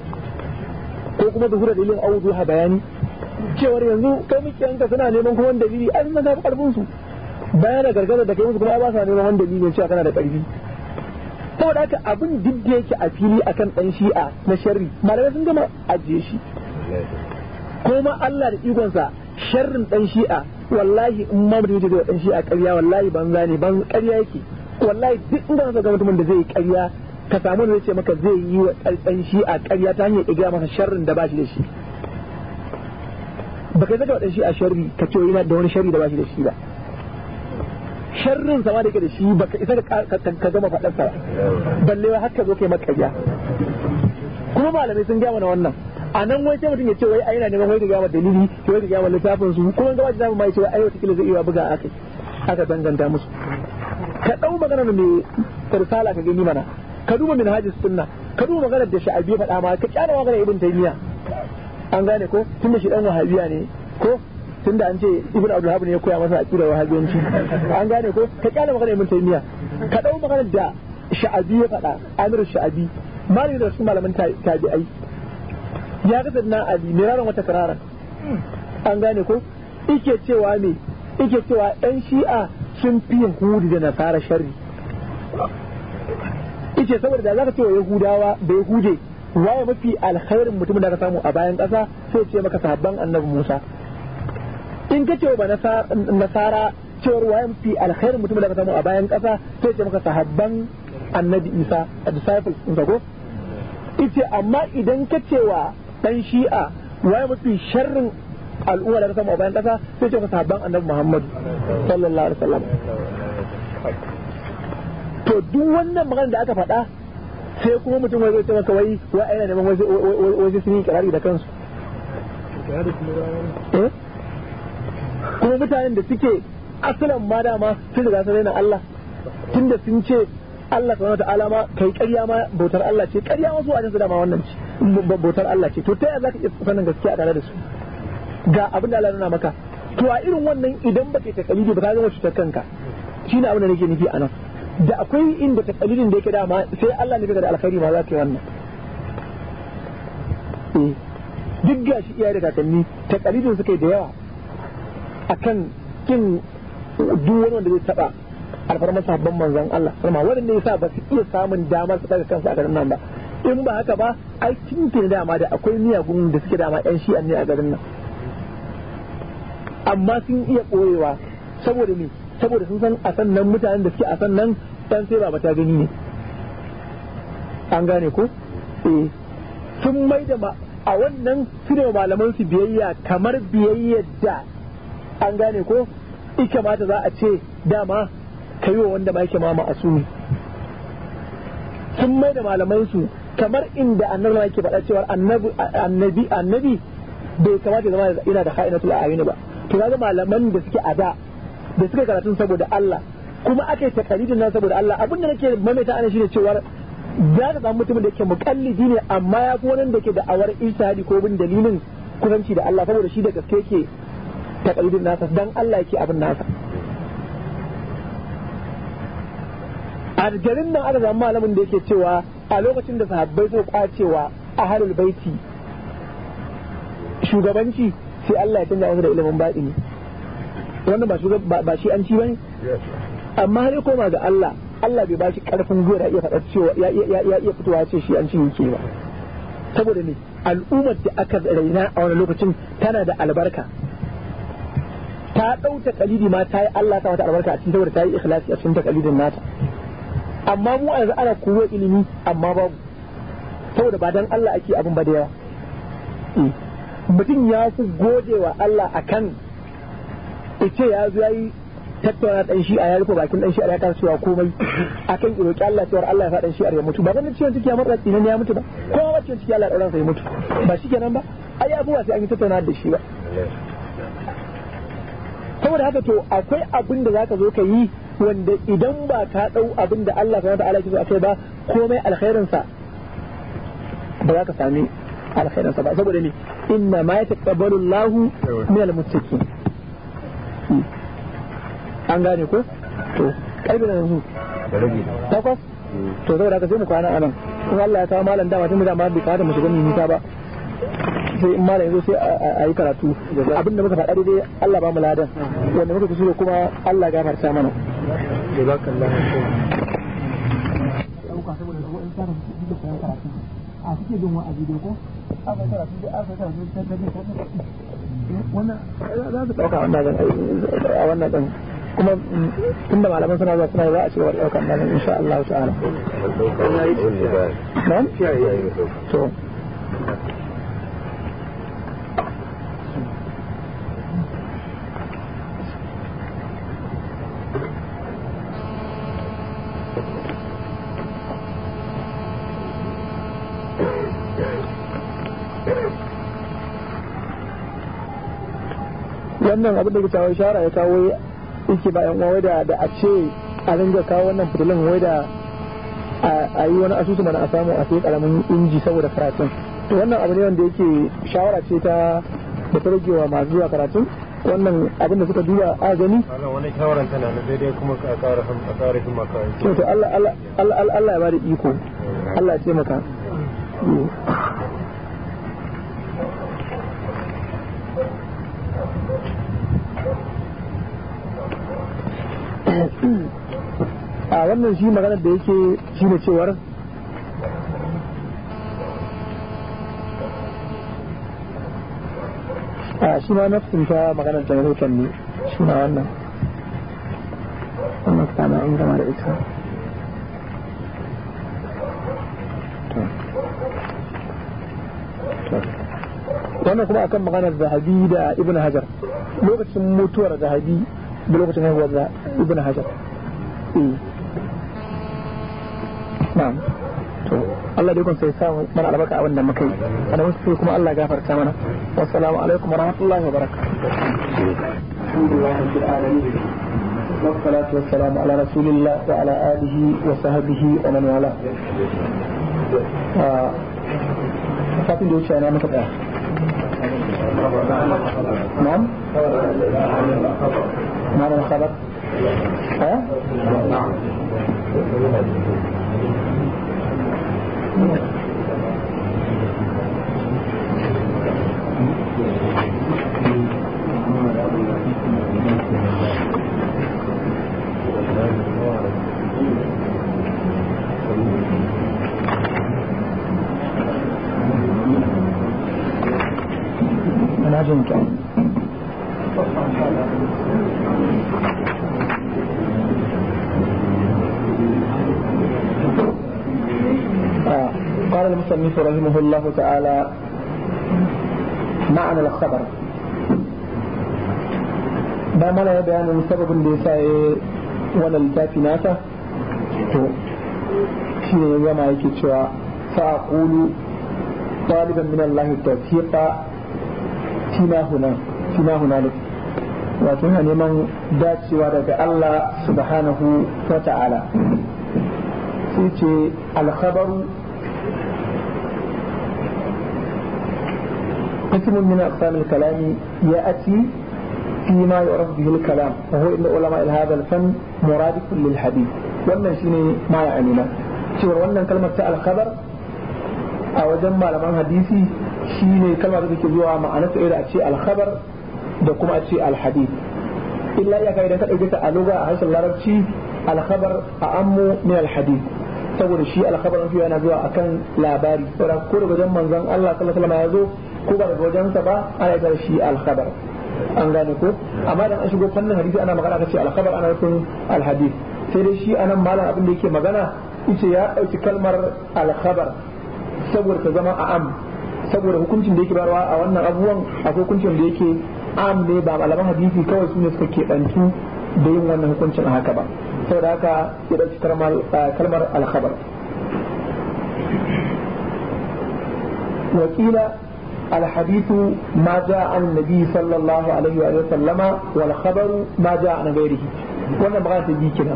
ko kuma zuhura dalilin au wuduha bayani cewar yanzu kai yanka suna neman kuma wanda bibi an na fi karfin su bayan da gargazar da kai musu kuma ba sa neman wanda bibi ne cewa kana da karfi da haka abin duk da yake a fili akan dan shi'a na sharri malamai sun gama ajiye shi kuma Allah da igonsa sharrin dan shi'a wallahi in ma mutum yake dan shi'a ƙarya wallahi banza ne ban ƙarya yake wallahi duk inda ka ga mutumin da zai yi ƙarya ka samu da zai ce maka zai yi wa dan shi'a ƙarya ta hanyar igiya masa sharrin da ba shi da shi ba kai zaka wadan shi a sharri ka ce yana da wani sharri da ba shi da shi ba sharrin sama da yake da shi ba ka isa ka gama faɗar sa balle har ka zo kai makariya kuma malamai sun gama wannan a nan wai sai mutum ya ce wai ai yana neman wai ga gaya dalili ko wai ga gaya littafin su kuma gaba da mai cewa ai wata kila zai iya buga akai aka danganta musu ka dau maganar mai tarsala ka gani mana ka duba min hajji sunna ka duba maganar da sha'abi faɗa ma ka kyara maganar ibn taymiya an gane ko tunda shi dan wahabiya ne ko tunda an ce ibnu abdul habib ne ya koya masa aqidar wahabiyanci an gane ko ka kyale magana mun taymiya ka dau magana da sha'abi ya faɗa amir sha'abi malami da su malaman tabi'ai ya ga na ali miraran wata karara an gane ko ike cewa ne ike cewa ɗan shi'a sun fi yahudi da nasara sharri ike saboda da zaka ce wa yahudawa bai hude waye mafi alkhairin mutumin da ka samu a bayan ƙasa sai ce maka sahabban annabi Musa in ka ce ba nasara cewar waye mafi alkhairin mutumin da ka samu a bayan ƙasa sai ce maka sahabban annabi Isa a disciple in ka go ita amma idan ka ce wa dan shi'a waye mafi sharrin al'umma da ka samu a bayan ƙasa sai ce maka sahabban annabi Muhammad sallallahu alaihi wasallam to duk wannan magana da aka faɗa sai kuma mutum wai zai ce maka wai wa aina neman wasu sun yi kirari da kansu eh? kuma mutanen da suke asalan ma dama sun riga sun raina Allah tunda sun ce Allah subhanahu ta alama kai karya ma bautar Allah ce karya ma su dama wannan ce bautar Allah ce to ta yaya zaka iya sanin gaskiya tare da su ga abin da Allah nuna maka to a irin wannan idan baka ta kalidi ba ka ga wacce kanka shine abin da nake nufi a nan da akwai inda taqalidin da yake dama sai Allah ne da alkhairi ma za yi wannan eh duk gashi iyaye da kakanni taqalidin suka yi da yawa akan kin duk wani wanda zai taba alfarmar sabon manzon Allah amma wanda yasa ba su iya samun damar su daga kansu a garin nan ba in ba haka ba ai tinkin dama da akwai miyagun da suke dama yan shi'an ne a garin nan amma sun iya ɓoyewa saboda ni. saboda sun san a sannan mutanen da suke a sannan ɗan sai ba ta gani ne an gane ko eh sun mai da a wannan su ne malaman su biyayya kamar biyayyar da an gane ko ike mata za a ce dama ka yi wa wanda ba yake ma ne sun mai da malaman su kamar inda annabi ma yake faɗa cewa annabi annabi bai kamata zama yana da kha'inatul a'yun ba to kaga malaman da suke a da da suka karatu saboda Allah kuma aka yi nan saboda Allah abin da nake mamaita ana shine cewa za ka samu mutumin da yake mukallidi ne amma ya fi wani da ke da'awar ishadi ko bin dalilin kusanci da Allah saboda shi da gaske yake takalidin nasa dan Allah yake abin nasa a garin nan aka samu malamin da yake cewa a lokacin da sahabbai suka kwacewa a halul baiti shugabanci sai Allah ya canza wasu da ilimin ne. wannan ba shi ba shi an ci bane amma har ya koma ga Allah Allah bai ba shi karfin gwiwa iya faɗa cewa ya ya iya fitowa ce shi an ci yake ba saboda ne al'ummar da aka raina a wani lokacin tana da albarka ta ɗauta kalidi ma ta yi Allah ta wata albarka a cikin saboda ta yi ikhlasi a cikin takalidin nata amma mu yanzu ana koyo ilimi amma babu saboda ba dan Allah ake abin ba da yawa eh. mutum ya fi godewa Allah akan ce ya zo yayi tattauna dan shi a ya rufe bakin dan shi a ya kasa cewa komai akan ki roki Allah cewa Allah ya faɗa shi a ya mutu ba ganin ciwon ciki ya matsa tsinan ya mutu ba ko ba ciwon ciki Allah ya mutu ba shi kenan ba ai abuwa sai an yi tattauna da shi ba saboda haka to akwai abin da zaka zo ka yi wanda idan ba ka dau abin da Allah subhanahu wataala yake so akai ba komai alkhairin sa ba za ka sami alkhairin sa ba saboda ne inna ma yataqabbalu Allahu min al ciki an gane ko to karfe da yanzu takwas to saboda haka sai mu kwana anan in Allah ya kawo malam dama tun da ma bai mu shiga mu nisa ba sai in malam yanzu sai a yi karatu abin da muka faɗa dai Allah ba mu ladan wanda muka kusuro kuma Allah ya gafarta mana jazakallahu khairan a suke wa'azi dai ko a karatu da karatu ta ta wannan ɗauka a ɗin kuma mm, tunda malaman suna zuwa suna za a cigaba da ɗaukan nan insha Allah ta'ala. Nan? To. wannan abin da ke tawo shara ya kawo yake ba yan da a ce a ringa kawo wannan fitilin wai da a yi wani asusu mana a samu a sai karamin inji saboda karatun to wannan abin ne wanda yake shawara ce ta da ta rage wa masu zuwa karatun wannan abin da suka duba a gani wani shawaran tana da daidai kuma a ƙara a ƙara to Allah ya bada iko Allah ya eh. maka. Eh. a wannan shi magana da yake shi da cewar a shi ma nafsin ta maganar da rahoton ne shi ma wannan wannan kama in gama da ita wannan kuma akan maganar zahabi da ibn hajar lokacin mutuwar zahabi بلغة هو ابن هجر إيه. na'am Allah dai kun sai sa mana albarka a wannan makai ana wasu kuma Allah gafarta mana wassalamu alaikum warahmatullahi wabarakatuh والصلاة والسلام على رسول الله وعلى آله وصحبه ومن والاه. فاتن نعم. معنى الخبر ها؟ نعم you. آه. قال المصنف رحمه الله تعالى معنى الخبر ما ملا بيان سبب ليس ولا الذات ناسا شيء وما آية يكتشوا فأقول طالبا من الله التوفيق فيما هنا فيما هنالك wato yana neman dacewa daga Allah subhanahu wa ta'ala sai ce alkhabaru قسم من أقسام الكلام يأتي فيما يعرف به الكلام وهو إن علماء هذا الفن مرادف للحديث wannan shine ma ya amina cewar wannan kalmar ta alkhabar a wajen malaman hadisi shine kalmar da take zuwa ma'anarta irin a ce alkhabar da kuma a ce alhadith illa kai idan ka ɗauke ta a lugha a harshen larabci alkhabar a ammu min alhadith saboda shi alkhabar fiye yana zuwa akan labari saboda ko daga wajen manzon Allah sallallahu alaihi wasallam ya zo ko ba daga sa ba ana yi shi alkhabar an gane ko amma dan an shigo fannin hadisi ana magana kace alkhabar ana nufin alhadith sai dai shi anan malam abin da yake magana ita ya dauki kalmar alkhabar saboda ta zama am saboda hukuncin da yake barawa a wannan abubuwan akwai hukuncin da yake An ne ba malaman hadisi kawai su ne suka keɓantu da yin wannan hukuncin haka ba saboda haka ya ɗauki kalmar alkhabar وقيل الحديث an nabi sallallahu alaihi wa الله عليه وسلم والخبر ما جاء عن Wannan وانا بغاية تجي كده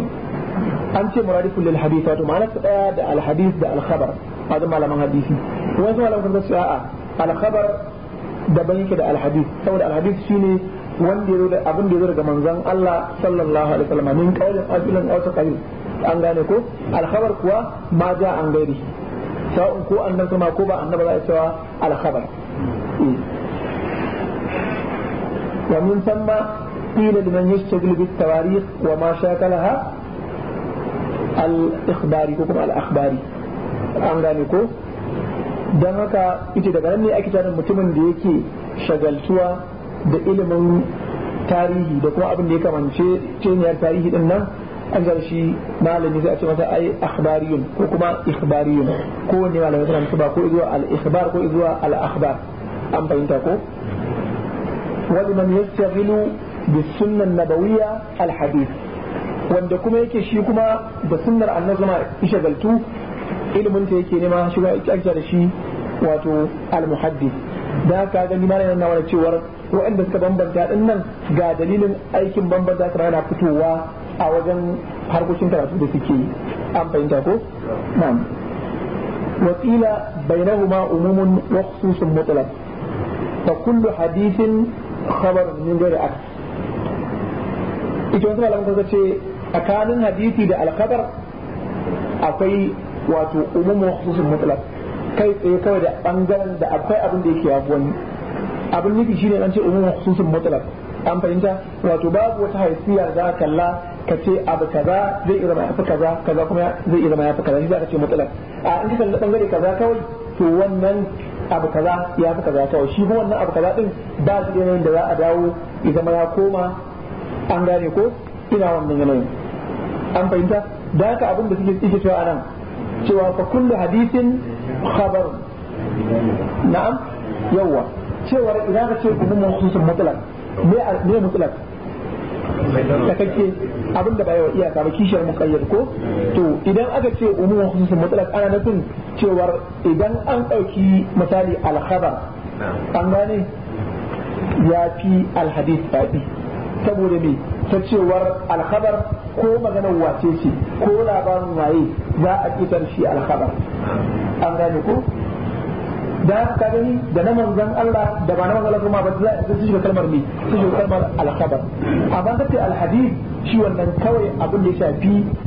an ce muradifun lil hadith wato ma'anar ta daya da al da al khabar a zama malaman hadisi wasu malaman kuma su a'a al daban yake da alhadis saboda alhadis shine wanda ya zo da abin da ya zo daga manzon Allah sallallahu alaihi wasallam min qaulin asilin aw taqalil an gane ko alkhabar kuwa ma ja an gairi sa'un ko annabi kuma ko ba annabi za a cewa alkhabar wa min thumma qila liman yashtagil bit tawarikh wa ma shakalaha al ikhbari ko kuma al akhbari an gane ko don haka ita daga nan ne ake tare mutumin da yake shagaltuwa da ilimin tarihi da kuma abin da ya kamance ceniyar tarihi din nan an zar shi malami sai a ce masa ai akhbariyun ko kuma ikhbariyun ko wanne malami suna musu ba ko zuwa al-ikhbar ko zuwa al-akhbar an fahimta ko wani man yastaghilu bi sunnan nabawiyya al-hadith wanda kuma yake shi kuma da sunnar annabi ma ishagaltu ilimin ta yake nema shi ba ake da shi wato AlMuhaddi muhaddith da ka gani malamin yana wani cewar waɗanda suka bambanta din nan ga dalilin aikin bambanta kana yana fitowa a wajen harkokin karatu da suke an fahimta ko na'am وقيل بينهما عموم وخصوص مطلق فكل hadithin خبر من غير عكس ita wasu malamin kuka ce tsakanin hadisi da alkabar akwai wato umumin hususin mutlaq kai tsaye kawai da bangaren da akwai abin da yake yabo wani abin nufi shine an ce umumin khususun mutlaq an fahimta wato babu wata haifiya za ka kalla ka ce abu kaza zai iya zama fi kaza kaza kuma zai iya zama fi kaza shi za ka ce mutlaq a in ka kalli bangare kaza kawai to wannan abu kaza ya fi kaza kawai shi kuma wannan abu kaza din ba su da yanayin da za a dawo ya zama ya koma an gane ko ina wannan yanayin an fahimta da haka abin da suke cewa nan cewa fa kullu hadisin khabar na'am yawa cewar idan ka ce umumin hususun mutlak me mutlak sakakke abinda ba yawa iyaka ba kishiyar mukayyad ko to idan aka ce umumin hususun mutlak ana nufin cewar idan an ɗauki misali alhabar an gane ya fi alhadis daɗi saboda me ta cewar alkhabar ko maganar wace ce ko labarin waye za a kitar shi alkhabar an gane ko da ka gani da na manzon Allah da ba na manzon Allah kuma ba za su shiga kalmar me su shiga kalmar alkhabar amma kace alhadith shi wannan kawai abin da ya shafi